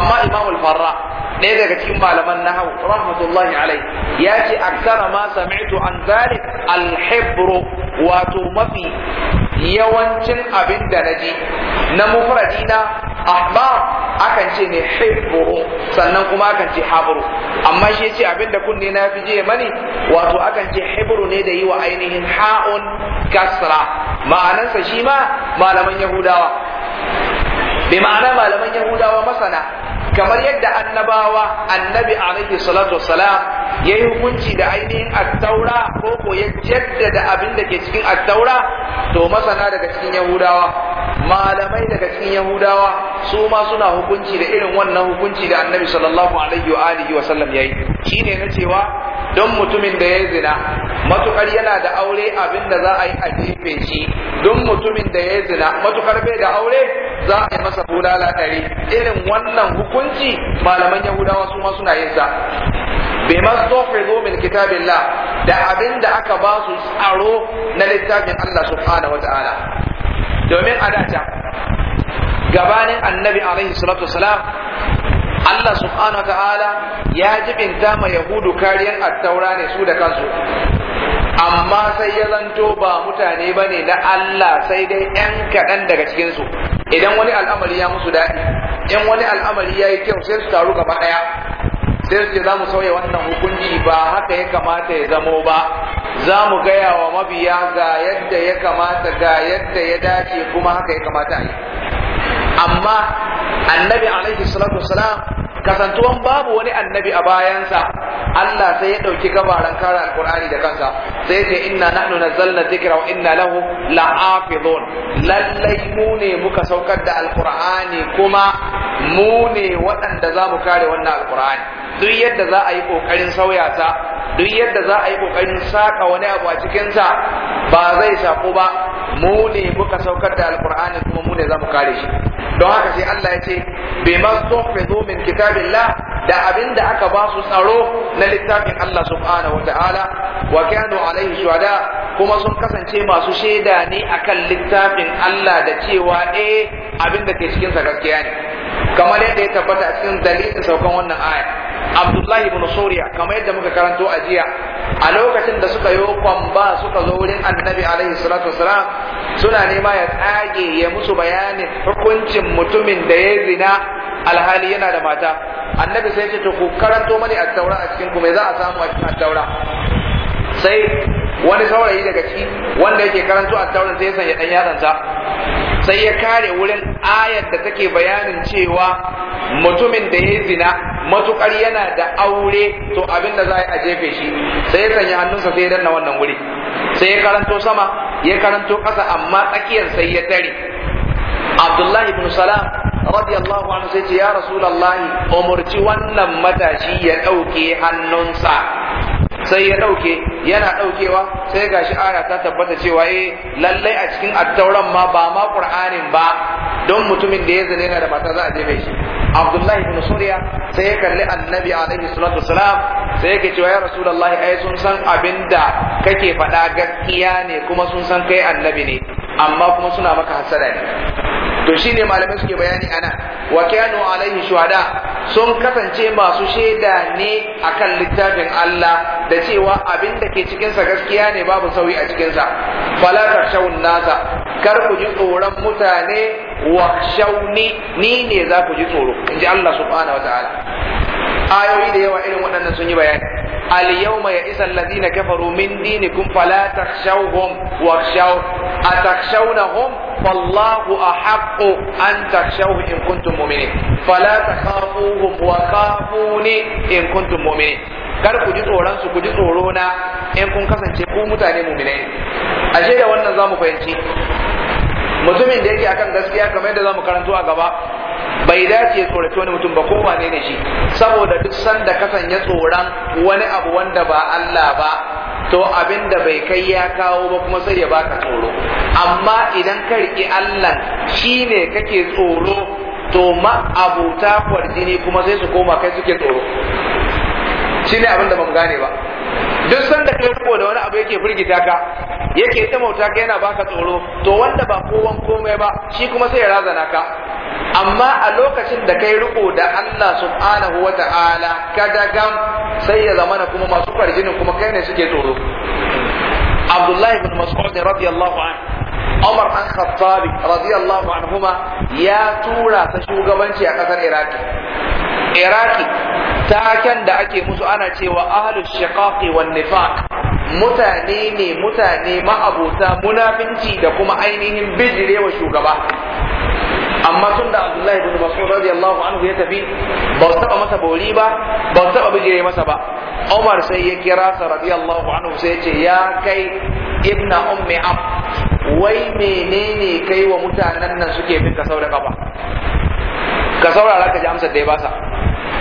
amma imamul farra ɗaya daga cikin malaman hau, rahmatullahi alai ya ce aksara ma sami'tu an zalik alhibru wato mafi yawancin abin da naji na mufradina amma akan ce ne hibru sannan kuma akan ce habru amma shi ce abin da kunne na fi je mani wato akan ce hibru ne da yi wa ainihin ha'un kasra ma'anansa shi ma malaman yahudawa bi ma'ana malaman yahudawa masana kamar yadda annabawa annabi alaihi salatu wassalam ya yi hukunci da ainihin attaura ko ko ya jaddada abin da ke cikin attaura to masana daga cikin yahudawa malamai daga cikin yahudawa su ma suna hukunci da irin wannan hukunci da annabi sallallahu alaihi wa alihi wa sallam yayi shine na cewa don mutumin da ya zina matukar yana da aure abin da za a yi a jefe shi don mutumin da ya zina matukar bai da aure za a yi masa bulala ɗari irin wannan hukunci hukunci malaman yahudawa su ma suna yin sa bima stofizo min La da abin da aka ba su tsaro na littafin Allah subhanahu wataala domin a dace gabanin annabi alaihi salatu wasalam Allah subhanahu wataala ya jibinta ma yahudu kariyar attaura ne su da kansu amma sai ya zanto ba mutane ba ne na Allah sai dai 'yan kaɗan daga cikinsu idan wani al'amari ya musu daɗi in wani al'amari ya yi kyau sai su taru gaba ɗaya sai su ce za mu sauya wannan hukunci ba haka ya kamata ya zamo ba za mu gaya wa mabiya ga yadda ya kamata ga yadda ya dace kuma haka ya kamata a yi amma annabi alaihi salatu wasalam kasantuwan babu wani annabi a bayansa Allah sai ya dauki gabaran kare alkurani da kansa sai ce inna nahnu nazzalna dhikra wa inna lahu la'afidun lallai mu ne muka saukar da alqur'ani kuma mu ne waɗanda za mu kare wannan alqur'ani duk yadda za a yi kokarin sauya ta duk yadda za a yi kokarin saka wani abu a cikin sa ba zai shaku ba mu ne muka saukar da alkur'ani kuma mu ne za mu kare shi don haka sai Allah ya ce bai ma tuhfizu min kitabillah da abinda aka ba su tsaro na littafin Allah subhanahu ta'ala wa kanu alaihi shuhada kuma sun kasance masu shaida ne akan littafin Allah da cewa eh abinda ke cikin sa gaskiya ne kamar yadda ya tabbata a cikin dalilin saukan wannan aya abdullahi ibn suriya kamar yadda muka karanto a jiya a lokacin da suka yi kwamba suka zo wurin annabi alaihi salatu wasalam suna nema ya tsage ya musu bayanin hukuncin mutumin da ya zina alhali yana da mata annabi sai ya ce to ku karanto mani a taura a cikin ku me za a samu a cikin taura sai wani saurayi daga ciki wanda yake karanto a taurin sai ya sanya dan yatsansa sai ya kare wurin ayar da take bayanin cewa mutumin da ya zina matukar yana da aure to abin da za a jefe shi sai ya sanya hannunsa sai ya danna wannan wuri sai ya karanto sama ya karanto kasa amma tsakiyar sai ya tare abdullahi ibn salam radiyallahu anhu sai ce ya rasulullahi umurci wannan matashi ya ɗauke hannunsa sai ya ɗauke yana ɗaukewa sai gashi aya ta tabbata cewa eh lallai a cikin attauran ma ba ma qur'anin ba don mutumin da ya zane yana da mata za a je mai shi abdullahi ibn suriya sai ya kalli annabi alaihi salatu wasalam sai yake cewa ya rasulullahi ai sun san abinda kake faɗa gaskiya ne kuma sun san kai annabi ne amma kuma suna maka hasada ne to shine malamai suke bayani anan wa kanu alaihi shuhada sun kasance masu shaida ne akan littafin Allah da cewa abin da ke cikinsa gaskiya ne babu sauyi a cikin sa fala takshawun nasa kar ku ji tsoron mutane wa shauni ni ne za ku ji tsoro inji Allah subhanahu wataala ayoyi da yawa irin waɗannan sun yi bayani اليوم يئس الذين كفروا من دينكم فلا تخشوهم واخشوا أتخشونهم فالله أحق أن تخشوه إن كنتم مؤمنين فلا تخافوهم وخافوني إن كنتم مؤمنين kar ku ji tsoron su ku ji tsoro na in kun kasance ku mutane mu'minai ashe da wannan zamu fahimci mutumin da yake akan gaskiya kamar yadda zamu karanto a gaba bai dace ya tsoraci wani mutum ba ko wane ne shi saboda duk sanda kasan ya tsoran wani abu wanda ba Allah ba to abin da bai kai ya kawo ba kuma sai ya baka tsoro amma idan ka riƙi Allah shine kake tsoro to ma abuta kwarjini kuma sai su koma kai suke tsoro shine abin da ban gane ba duk sanda kai riko da wani abu yake firgita ka yake ta mauta ka yana baka tsoro to wanda ba kowan komai ba shi kuma sai ya razana ka amma a lokacin da kai riko da Allah subhanahu wa ta'ala kadagam sai ya zamana kuma masu farjinin kuma kai ne suke tsoro Abdullahi bin Mas'ud radiyallahu anhu, Umar an Khattabi radiyallahu anhuma ya tura ta shugabanci a kasar Iraki Iraki taken da ake musu ana cewa ahlus shiqaqi wan nifaq mutane ne mutane ma'abota munafinci da kuma ainihin bijirewa shugaba amma tun da abdullah ibn Mas'ud radiyallahu anhu ya tafi ba su taba masa bori ba ba su taba bijire masa ba Umar sai ya kira sa radiyallahu anhu sai ya ce ya kai ibna ummi am wai menene kai wa mutanen nan suke bin ka saura kafa ka saurara ka ji amsa da ya basa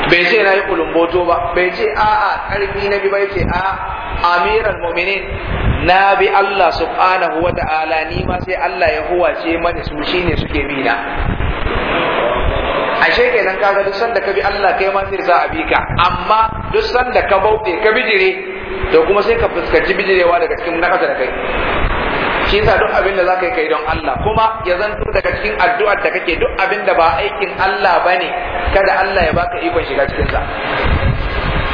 bai ce na yi kulumboto ba bai ce a'a karfi na bi bai ce a amiral mu'minin na bi Allah subhanahu wa ta'ala ni ma sai Allah ya huwace mani su shine suke bi na ashe kenan ga duk sanda ka bi Allah kai ma sai za a bi ka amma duk sanda ka bauɗe ka bijire to kuma sai ka fuskanci bijirewa daga cikin nakasa da kai shi yasa duk abin da zaka yi kai don Allah kuma ya zanto daga cikin addu'ar da kake duk abin da ba aikin Allah bane kada Allah ya baka ikon shiga cikin sa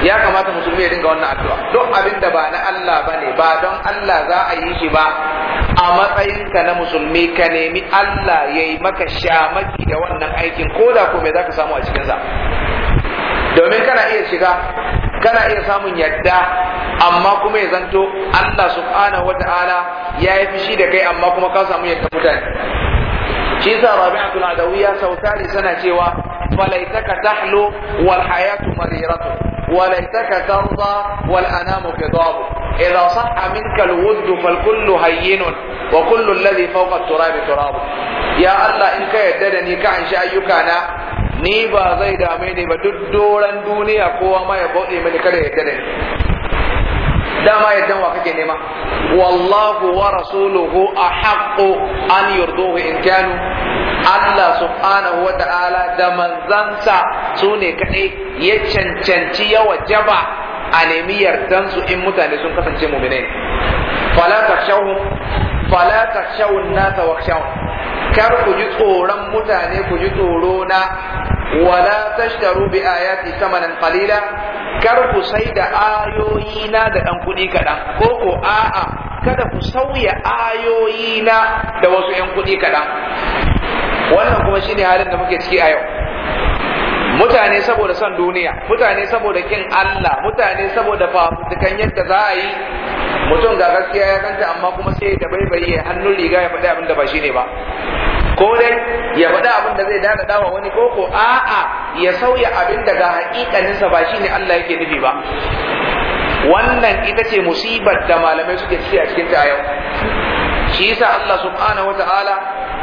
ya kamata musulmi ya dinga wannan addu'a duk abin da ba na Allah bane ba don Allah za a yi shi ba a matsayinka na musulmi ka nemi Allah ya yi maka shamaki da wannan aikin ko da ko me za ka samu a cikinsa domin kana iya shiga kana iya samun yadda amma kuma ya zanto Allah subhanahu wata'ala ya yi fishi da kai amma kuma ka samu yadda mutane shi yasa rabi'atul adawiyya sautari sana cewa falaitaka tahlu wal hayatu mariratu وليتك ترضى والانام خضاب اذا صح منك الود فالكل هين وكل الذي فوق التراب تراب يا الله انك كيدني كان شايك انا ني با زيد امني بتدولن دنيا قوه ما يبودي من كده يدني دما يدن وكك نيما والله ورسوله احق ان يرضوه ان كانوا Allah subhanahu wa ta'ala da manzansa su ne kaɗai ya cancanci yawa jaba a nemi yardansu in mutane sun kasance muminai fala takshawhum fala takshawun nasa kar ku ji tsoron mutane ku ji tsoro na wala tashtaru bi ayati thamanan qalila kar ku sai da ayoyi na da dan kuɗi kaɗan ko ko a'a kada ku sauya ayoyi na da wasu yan kuɗi kaɗan wannan kuma shine halin da muke ciki a yau mutane saboda son duniya mutane saboda kin Allah mutane saboda fafutukan yadda za a yi mutum ga gaskiya ya kanta amma kuma sai da baibaye hannun riga ya faɗi abinda da ba shine ba ko dai ya faɗa abin da zai dana dawa wani ko ko a'a ya sauya abin da ga haƙiƙaninsa ba shine Allah yake nufi ba wannan ita ce musibar da malamai suke ciki a cikin ta yau shi yasa Allah subhanahu wataala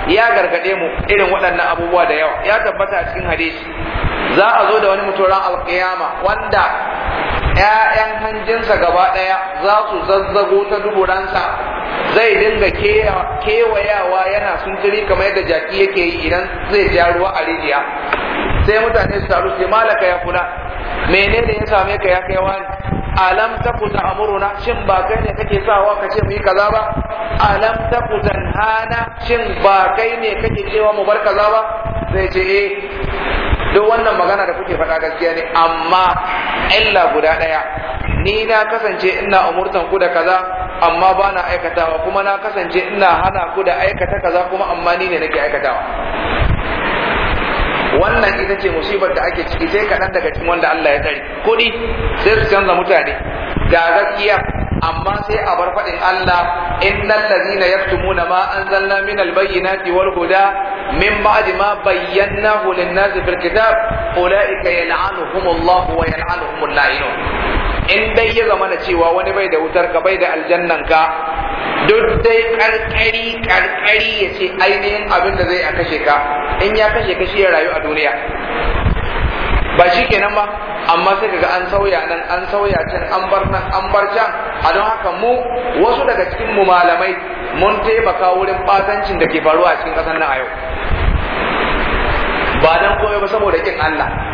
ya gargade mu irin waɗannan abubuwa da yawa ya tabbata a cikin hadisi za a zo da wani mutoran alkiyama wanda ‘ya'yan hanjinsa gaba ɗaya za su zazzago ta duburansa zai dinga kewayawa yana suntiri kamar yadda jaki yake yi idan zai ja ruwa a rijiya sai mutane su taru sai malaka ya kula menene ya same ka ya kai wani alam taku ta'muruna shin ba kai ne kake sawa ka ce mu yi kaza ba alam kuta hana shin ba kai ne kake cewa mu bar kaza ba zai ce eh duk wannan magana da kuke faɗa gaskiya ne amma illa guda ɗaya ni na kasance ina umurtan ku da kaza amma ba na aikatawa kuma na kasance ina hana ku da aikata kaza kuma amma ni ne nake aikatawa wannan ita ce musibar da ake ciki sai kaɗan daga cikin wanda Allah ya tsare kuɗi sai su canza mutane ga gaskiya amma sai a bar faɗin Allah innal ladzina yaktumuna ma anzalna min albayyinati wal huda min ba'di ma bayyanahu lin-nasi fil kitab ulaika yal'anuhum Allah wa yal'anuhum al-la'inun in dai ya zama na cewa wani bai da wutar ka bai da aljannan ka duk dai karkari karkari ya ce ainihin abin da zai a kashe ka in ya kashe ka shi ya rayu a duniya ba shi kenan ba amma sai kaga an sauya nan an sauya can an bar nan an bar can a don haka mu wasu daga cikin mu malamai mun taimaka wurin batancin da ke faruwa a cikin ƙasar nan a yau ba dan komai ba saboda kin Allah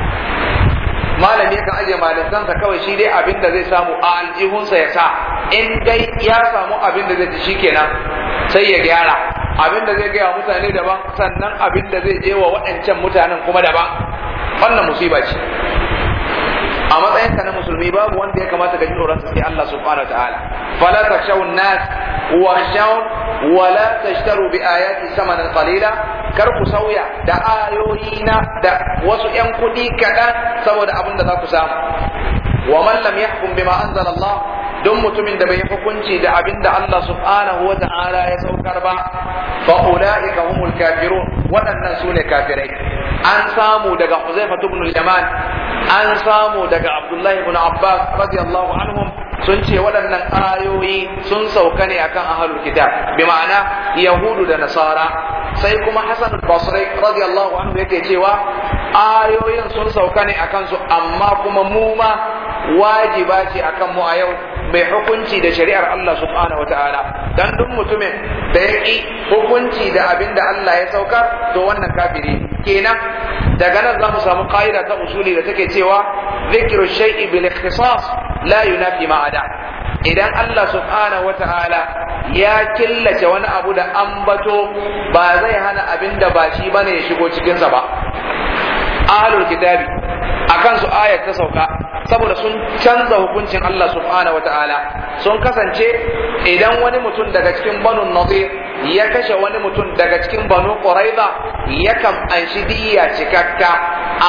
malami kan aje malintansa kawai shi dai abin da zai samu a aljihunsa ya sa in dai ya samu abin da zai ci shi kenan sai ya gyara abin da zai gaya mutane daban sannan abin da zai je wa waɗancan mutanen kuma daban wannan musiba ce a matsayin ka na musulmi babu wanda ya kamata ka ji tsoron sai Allah subhanahu wa ta'ala fala takshaw nas wa khshaw wa la tashtaru bi ayati samanan qalila kar ku sauya da ayoyi na da wasu yan kudi kadan saboda abin da za ku samu wa man lam yahkum bima anzala Allah don mutumin da bai hukunci da abin da Allah subhanahu wa ta'ala ya saukar ba fa ulaika humul kafirun waɗannan su ne kafirai an samu daga Huzaifa ibn al-Yaman an samu daga Abdullahi ibn Abbas radiyallahu anhum sun ce waɗannan ayoyi sun sauka ne akan ahlul kitab bi ma'ana yahudu da nasara sai kuma Hassan al-Basri radiyallahu anhu yake cewa ayoyin sun sauka ne akan su amma kuma mu ma wajiba ce akan mu a yau mai hukunci da shari'ar Allah subhanahu wataala dan duk mutumin da ya hukunci da abin da Allah ya saukar to wannan kafiri kenan daga nan mu samu ka'ida ta usuli da take cewa zikru shay'i bil ikhtisas la yunafi ma'ada idan Allah subhanahu ya killace wani abu da ambato ba zai hana abin da ba shi bane ya shigo cikinsa ba ahlul kitabi akan su ayat ta sauka saboda sun canza hukuncin Allah subhanahu wataala sun kasance idan wani mutum daga cikin banu nadir ya kashe wani mutum daga cikin banu quraiza yakan anshi diya cikakka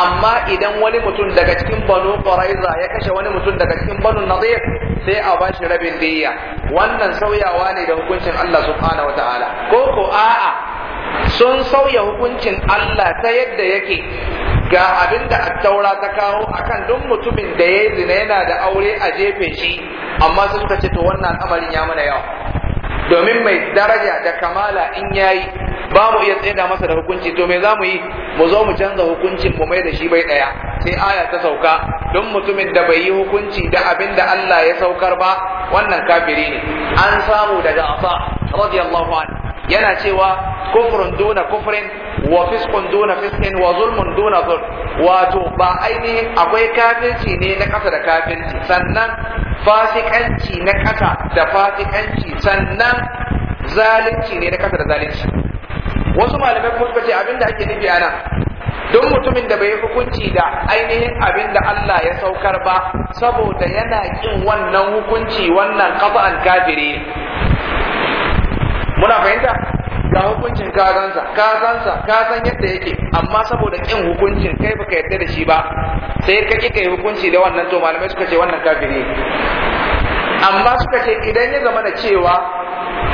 amma idan wani mutum daga cikin banu quraiza ya kashe wani mutum daga cikin banu nadir sai a bashi rabin diyya wannan sauyawa ne da hukuncin Allah subhanahu wataala ko ko a'a sun sauya hukuncin Allah ta yadda yake ga abin da attaura ta kawo akan duk mutumin da ya zina yana da aure a jefe shi amma sun suka ce to wannan al'amarin ya mana yawa domin mai daraja da kamala in ya yi, ba mu iya da masa da hukunci to me za mu yi mu zo mu canza hukuncin mu mai da shi bai daya sai aya ta sauka don mutumin da bai yi hukunci da abin da Allah ya saukar ba wannan kafiri ne an samu daga asa radiyallahu anhu yana cewa kufrun duna kufrin wa fiskun duna fiskin wa zulmun duna zulm wato ba ainihin akwai kafirci ne na kasa da kafirci sannan fasikanci na kasa da fasikanci sannan zalunci ne na kasa da zalunci wasu malamai kuma suka ce abinda ake nufi ana duk mutumin da bai hukunci da ainihin abin da Allah ya saukar ba saboda yana kin wannan hukunci wannan qata'an kafiri muna fahimta ga hukuncin kazansa, kazansa ka san yadda yake amma saboda kin hukuncin kai baka yarda da shi ba sai ka kika yi hukunci da wannan to malamai suka ce wannan kafiri amma suka ce idan ya zama da cewa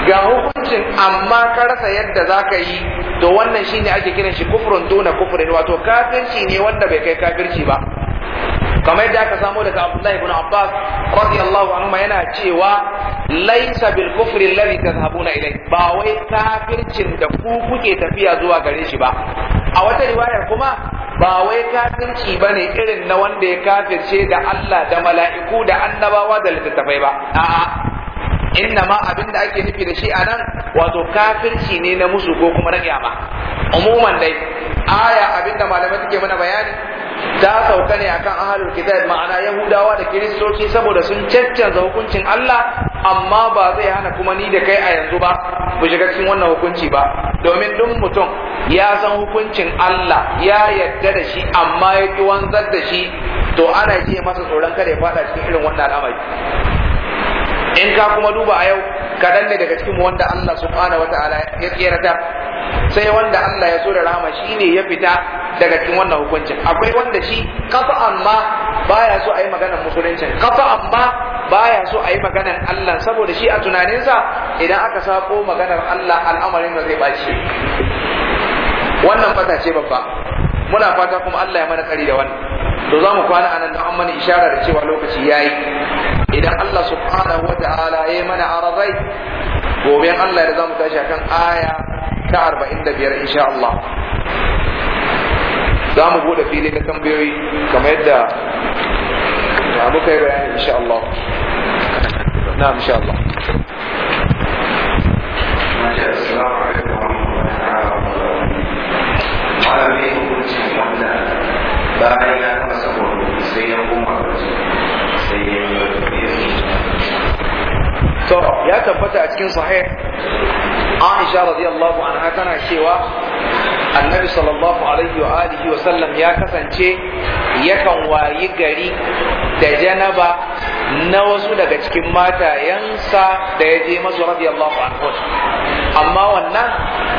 ga hukuncin amma ka rasa yadda za ka yi to wannan shine ake kiran shi kufrun duna kufrin wato kafirci ne wanda bai kai kafirci ba kamar yadda aka samo daga Abdullahi ibn Abbas radiyallahu anhu yana cewa laisa bil kufri alladhi tadhhabuna ilayhi ba wai kafircin da ku kuke tafiya zuwa gare shi ba a wata riwaya kuma ba wai kafirci bane irin na wanda ya kafirce da Allah da mala'iku da annabawa da littattafai ba a'a inna ma abin da ake nufi da shi anan wato kafirci ne na musu ko kuma na kiyama umuman dai aya abinda malamai ke mana bayani ta sauka ne akan ahlul kitab ma'ana yahudawa da kiristoci saboda sun caccanza hukuncin Allah amma ba zai hana kuma ni da kai a yanzu ba mu shiga cikin wannan hukunci ba domin duk mutum ya san hukuncin Allah ya yarda da shi amma ya ki wanzar da shi to ana ce masa tsoron kada ya fada cikin irin wannan al'amari in ka kuma duba a yau ka ne daga cikin wanda Allah subhanahu wata'ala ya kiyarta sai wanda Allah ya so da rahama shine ya fita daga cikin wannan hukuncin akwai wanda shi kafa amma baya so a maganar musuluncin kafa amma baya so a yi maganar Allah saboda shi a tunaninsa idan aka sako maganar Allah al'amarin da zai baci wannan fata ce babba muna fata kuma Allah ya mana kari da wannan to za mu kwana anan da an mana isharar cewa lokaci yayi idan Allah subhanahu wata'ala ya mana ararrai gobe Allah ya zamu tashi akan aya ta 45 insha Allah za mu bude fili na tambayoyi kamar yadda muka yi bayani insha Allah na insha Allah Assalamu alaikum warahmatullahi wabarakatuh. Malamin hukuncin wanda bayan ya to ya tabbata a cikin sahih Aisha radiyallahu anha tana cewa annabi sallallahu alaihi wa alihi wa sallam ya kasance yakan wayi gari da janaba na wasu daga cikin matayensa da ya je masu radiyallahu anhu amma wannan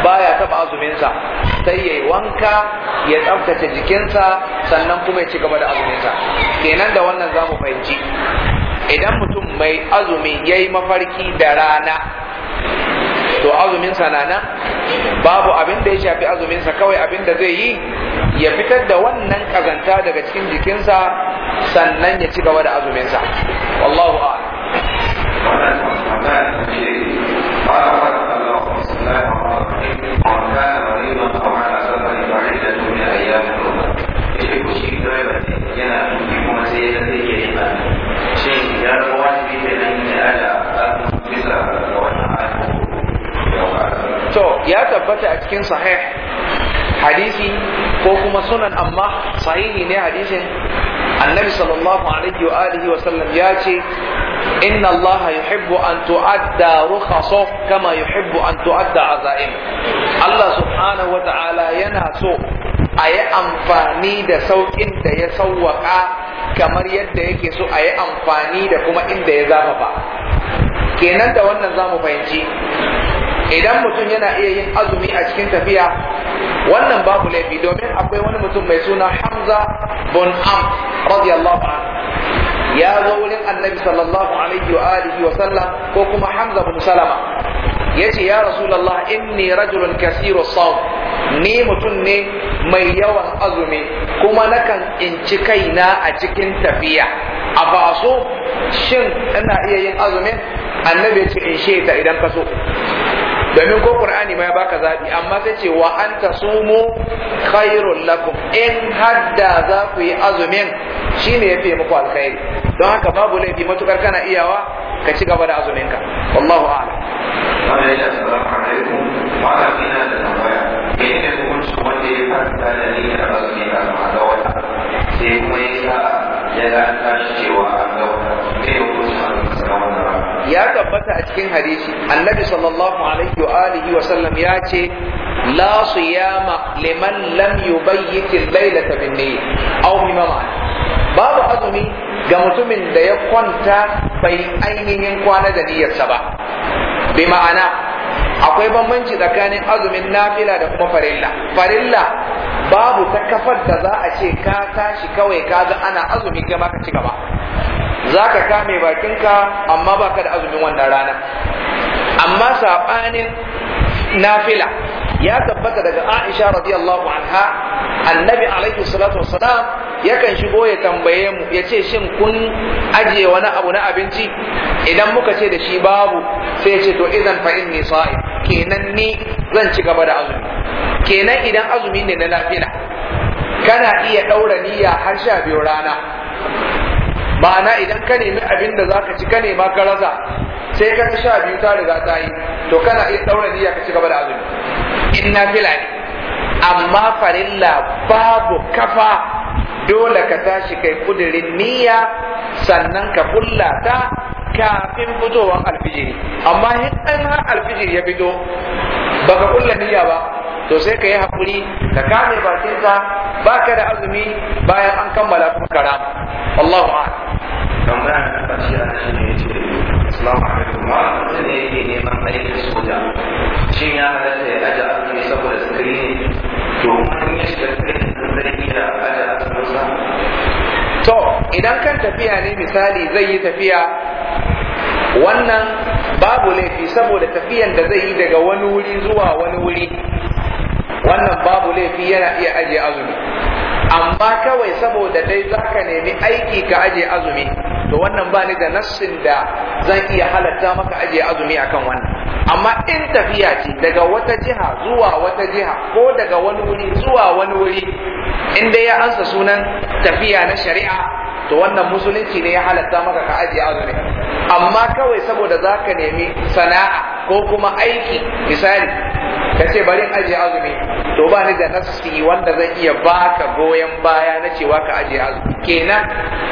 baya taba azuminsa sai yayi wanka ya tsaftace jikinsa sannan kuma ya ci gaba da azuminsa kenan da wannan zamu fahimci idan mutum mai azumi yayi mafarki da rana to azuminsa na nan babu abin da ya shafi azuminsa kawai abin da zai yi ya fitar da wannan kazanta daga cikin jikinsa sannan ya ci gaba da azuminsa wallahu a yana kuma sai ya zai yi to ya tabbata a cikin sahih hadisi ko kuma sunan amma sahihi ne hadisin annabi sallallahu alaihi wa alihi wa sallam ya ce inna Allah yuhibbu an tu'adda rukhasu kama yuhibbu an tu'adda azaim Allah subhanahu wa ta'ala yana so a yi amfani da saukin da ya sauwaka kamar yadda yake so a yi amfani da kuma inda ya zafafa kenan da wannan za mu fahimci idan mutum yana iya yin azumi a cikin tafiya wannan babu laifi domin akwai wani mutum mai suna hamza bin am radiyallahu ya zo wurin annabi sallallahu alaihi wa alihi wa sallam ko kuma hamza bin salama yace ya rasulullah inni rajulun kasiru sawm ni mutum ne mai yawan azumi kuma nakan inci kaina a cikin tafiya a faso shin ina iya yin azumin annabi ce in sheta idan ka so domin ko qur'ani ma ya baka zabi amma sai ce wa anta sumu khairul lakum in hadda za ku yi azumin shine yafi muku alkhairi don haka babu laifi matukar kana iyawa ka ci gaba da azumin ka wallahu a'lam wanda ya farka da niyyar azumi a da wata sai kuma ya sa ya ga an cewa an ga wata me ya kusa ya tabbata a cikin hadisi annabi sallallahu alaihi wa alihi wa sallam ya ce la siyama liman lam yubayyit al-lailata bin niyyah aw mimma babu azumi ga mutumin da ya kwanta bai ainihin kwana da niyyarsa ba bi ma'ana akwai bambanci tsakanin azumin nafila da kuma farilla farilla babu ta kafar da za a ce ka tashi kawai ka ga ana azumi kai maka ci gaba za ka kame bakinka amma ba ka da azumin wannan rana amma saɓanin nafila ya tabbata daga Aisha radiyallahu anha annabi alaihi salatu wassalam yakan shigo ya tambaye mu ya ce shin kun ajiye wani abu na abinci idan muka ce da shi babu sai ya ce to idan fa inni sa'im kenan ni zan ci gaba da azumi kenan idan azumi ne na lafiya kana iya ɗaura niyya har sha biyu rana ma'ana idan ka nemi abin da zaka ci ka nema ka rasa sai ka sha biyu ta riga ta yi to kana iya ɗaura niyya ka ci gaba da azumi in fila ne amma farilla babu kafa dole ka tashi kai kudirin niyya sannan ka kulla ta kafin fitowar alfijiri amma in har alfijiri ya fito baka kulla niyya ba to sai ka yi haƙuri ka kame bakinka baka da azumi bayan an kammala kuma karam Allahu a'lam tambaya na kashi a shi ne yace assalamu alaikum ma ne yake neman aikin soja shin ya halatta ya aje azumi saboda screening to in da shiga screening zai iya aje azumin sa to idan kan tafiya ne misali zai yi tafiya wannan babu laifi saboda tafiyan da zai yi daga wani wuri zuwa wani wuri wannan babu laifi yana iya ajiye azumi amma kawai saboda dai zaka nemi aiki ka aje azumi to wannan ba ni da nassin da zan iya halatta maka aje azumi akan wannan amma in tafiya ce daga wata jiha zuwa wata jiha ko daga wani wuri zuwa wani wuri in dai ya ansa sunan tafiya na shari'a to wannan musulunci ne ya halatta maka ka ajiye azumi amma kawai saboda za ka nemi sana'a ko kuma aiki misali kace bari in aje azumi to ba ni da nafsi wanda zan iya baka goyon baya na cewa ka aje azumi kenan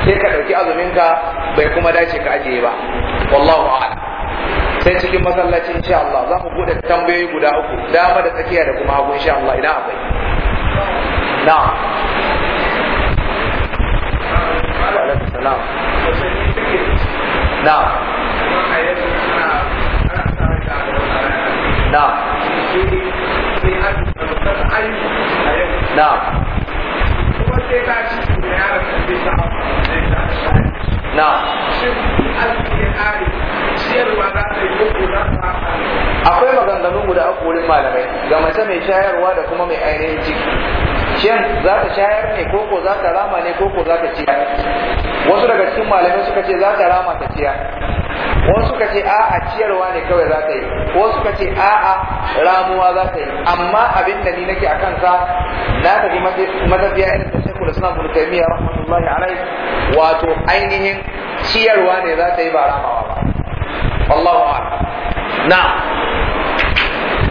sai ka dauki azumin ka bai kuma dace ka aje ba wallahu a'lam sai cikin masallaci insha Allah za mu bude tambayoyi guda uku dama da tsakiya da kuma hagu insha Allah idan akwai Na. Na. na'am na'am kuma sai da yaran shin kare za ta yi akwai maganganu guda uku wurin malamai ga mace mai shayarwa da kuma mai ainihin ciki shin za ta shayar ne koko za ta rama ne koko za ta ciya wasu daga cikin malamai suka ce za ta rama ta ciya wasu suka ce a'a ciyarwa ne kawai za ta yi wasu suka ce a'a ramuwa za ta yi amma abin da ni nake a kansa na tafi matafiya irin ta shekul islam bin taymiya rahmatullahi alai wato ainihin ciyarwa ne za ta yi ba ramawa ba Allahu a'lam na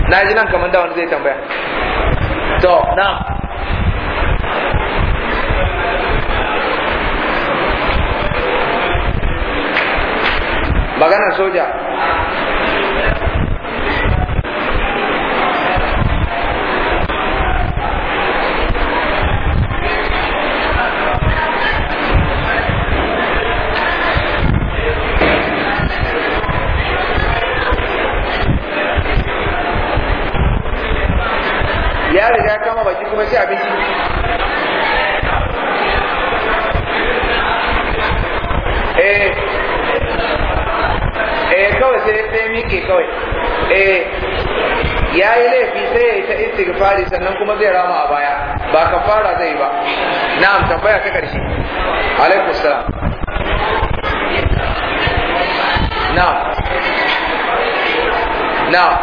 na ji nan kamar da wani zai tambaya to na maganar soja ya riga kama baki kuma sai abinci eh ya yi laifi sai ya yi ta istighfari sannan kuma zai rama a baya ba ka fara zai ba na'am tambaya ta karshe alaikum salam na'am na'am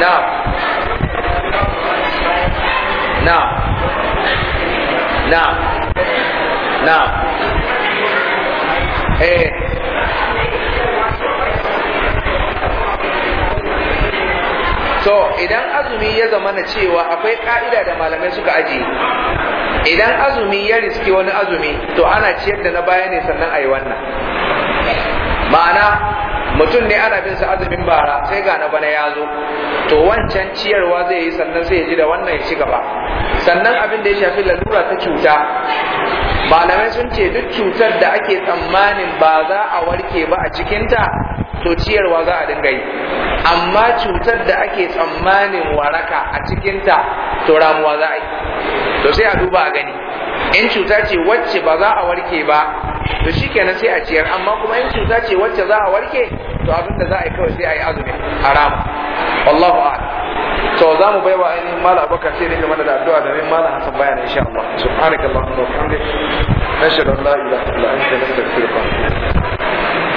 na'am na'am na'am na'am eh to idan azumi ya zama na cewa akwai ka'ida da malamai suka ajiye? idan azumi ya riski wani azumi to ana ciyar da na baya ne sannan a yi wannan ma'ana mutum ne ana bin sa azumin bara sai ga na bana ya zo to wancan ciyarwa zai yi sannan sai ya ji da wannan ya ci gaba sannan abin da ya shafi lalura ta cuta malamai sun ce duk cutar da ake tsammanin ba za a warke ba a cikinta to ciyarwa za a dinga yi amma cutar da ake tsammanin waraka a cikinta to ramuwa za a yi to sai a duba a gani in cuta ce wacce ba za a warke ba to shi kenan sai a ciyar amma kuma in cuta ce wacce za a warke to abin da za a yi kawai sai a yi azumi haram wallahu a'lam to za mu baiwa ainihin mala abokan sai da game da addu'a da min mala hasan bayan insha Allah subhanakallahumma wa bihamdika nashhadu an la ilaha illa anta nastaghfiruka wa natubu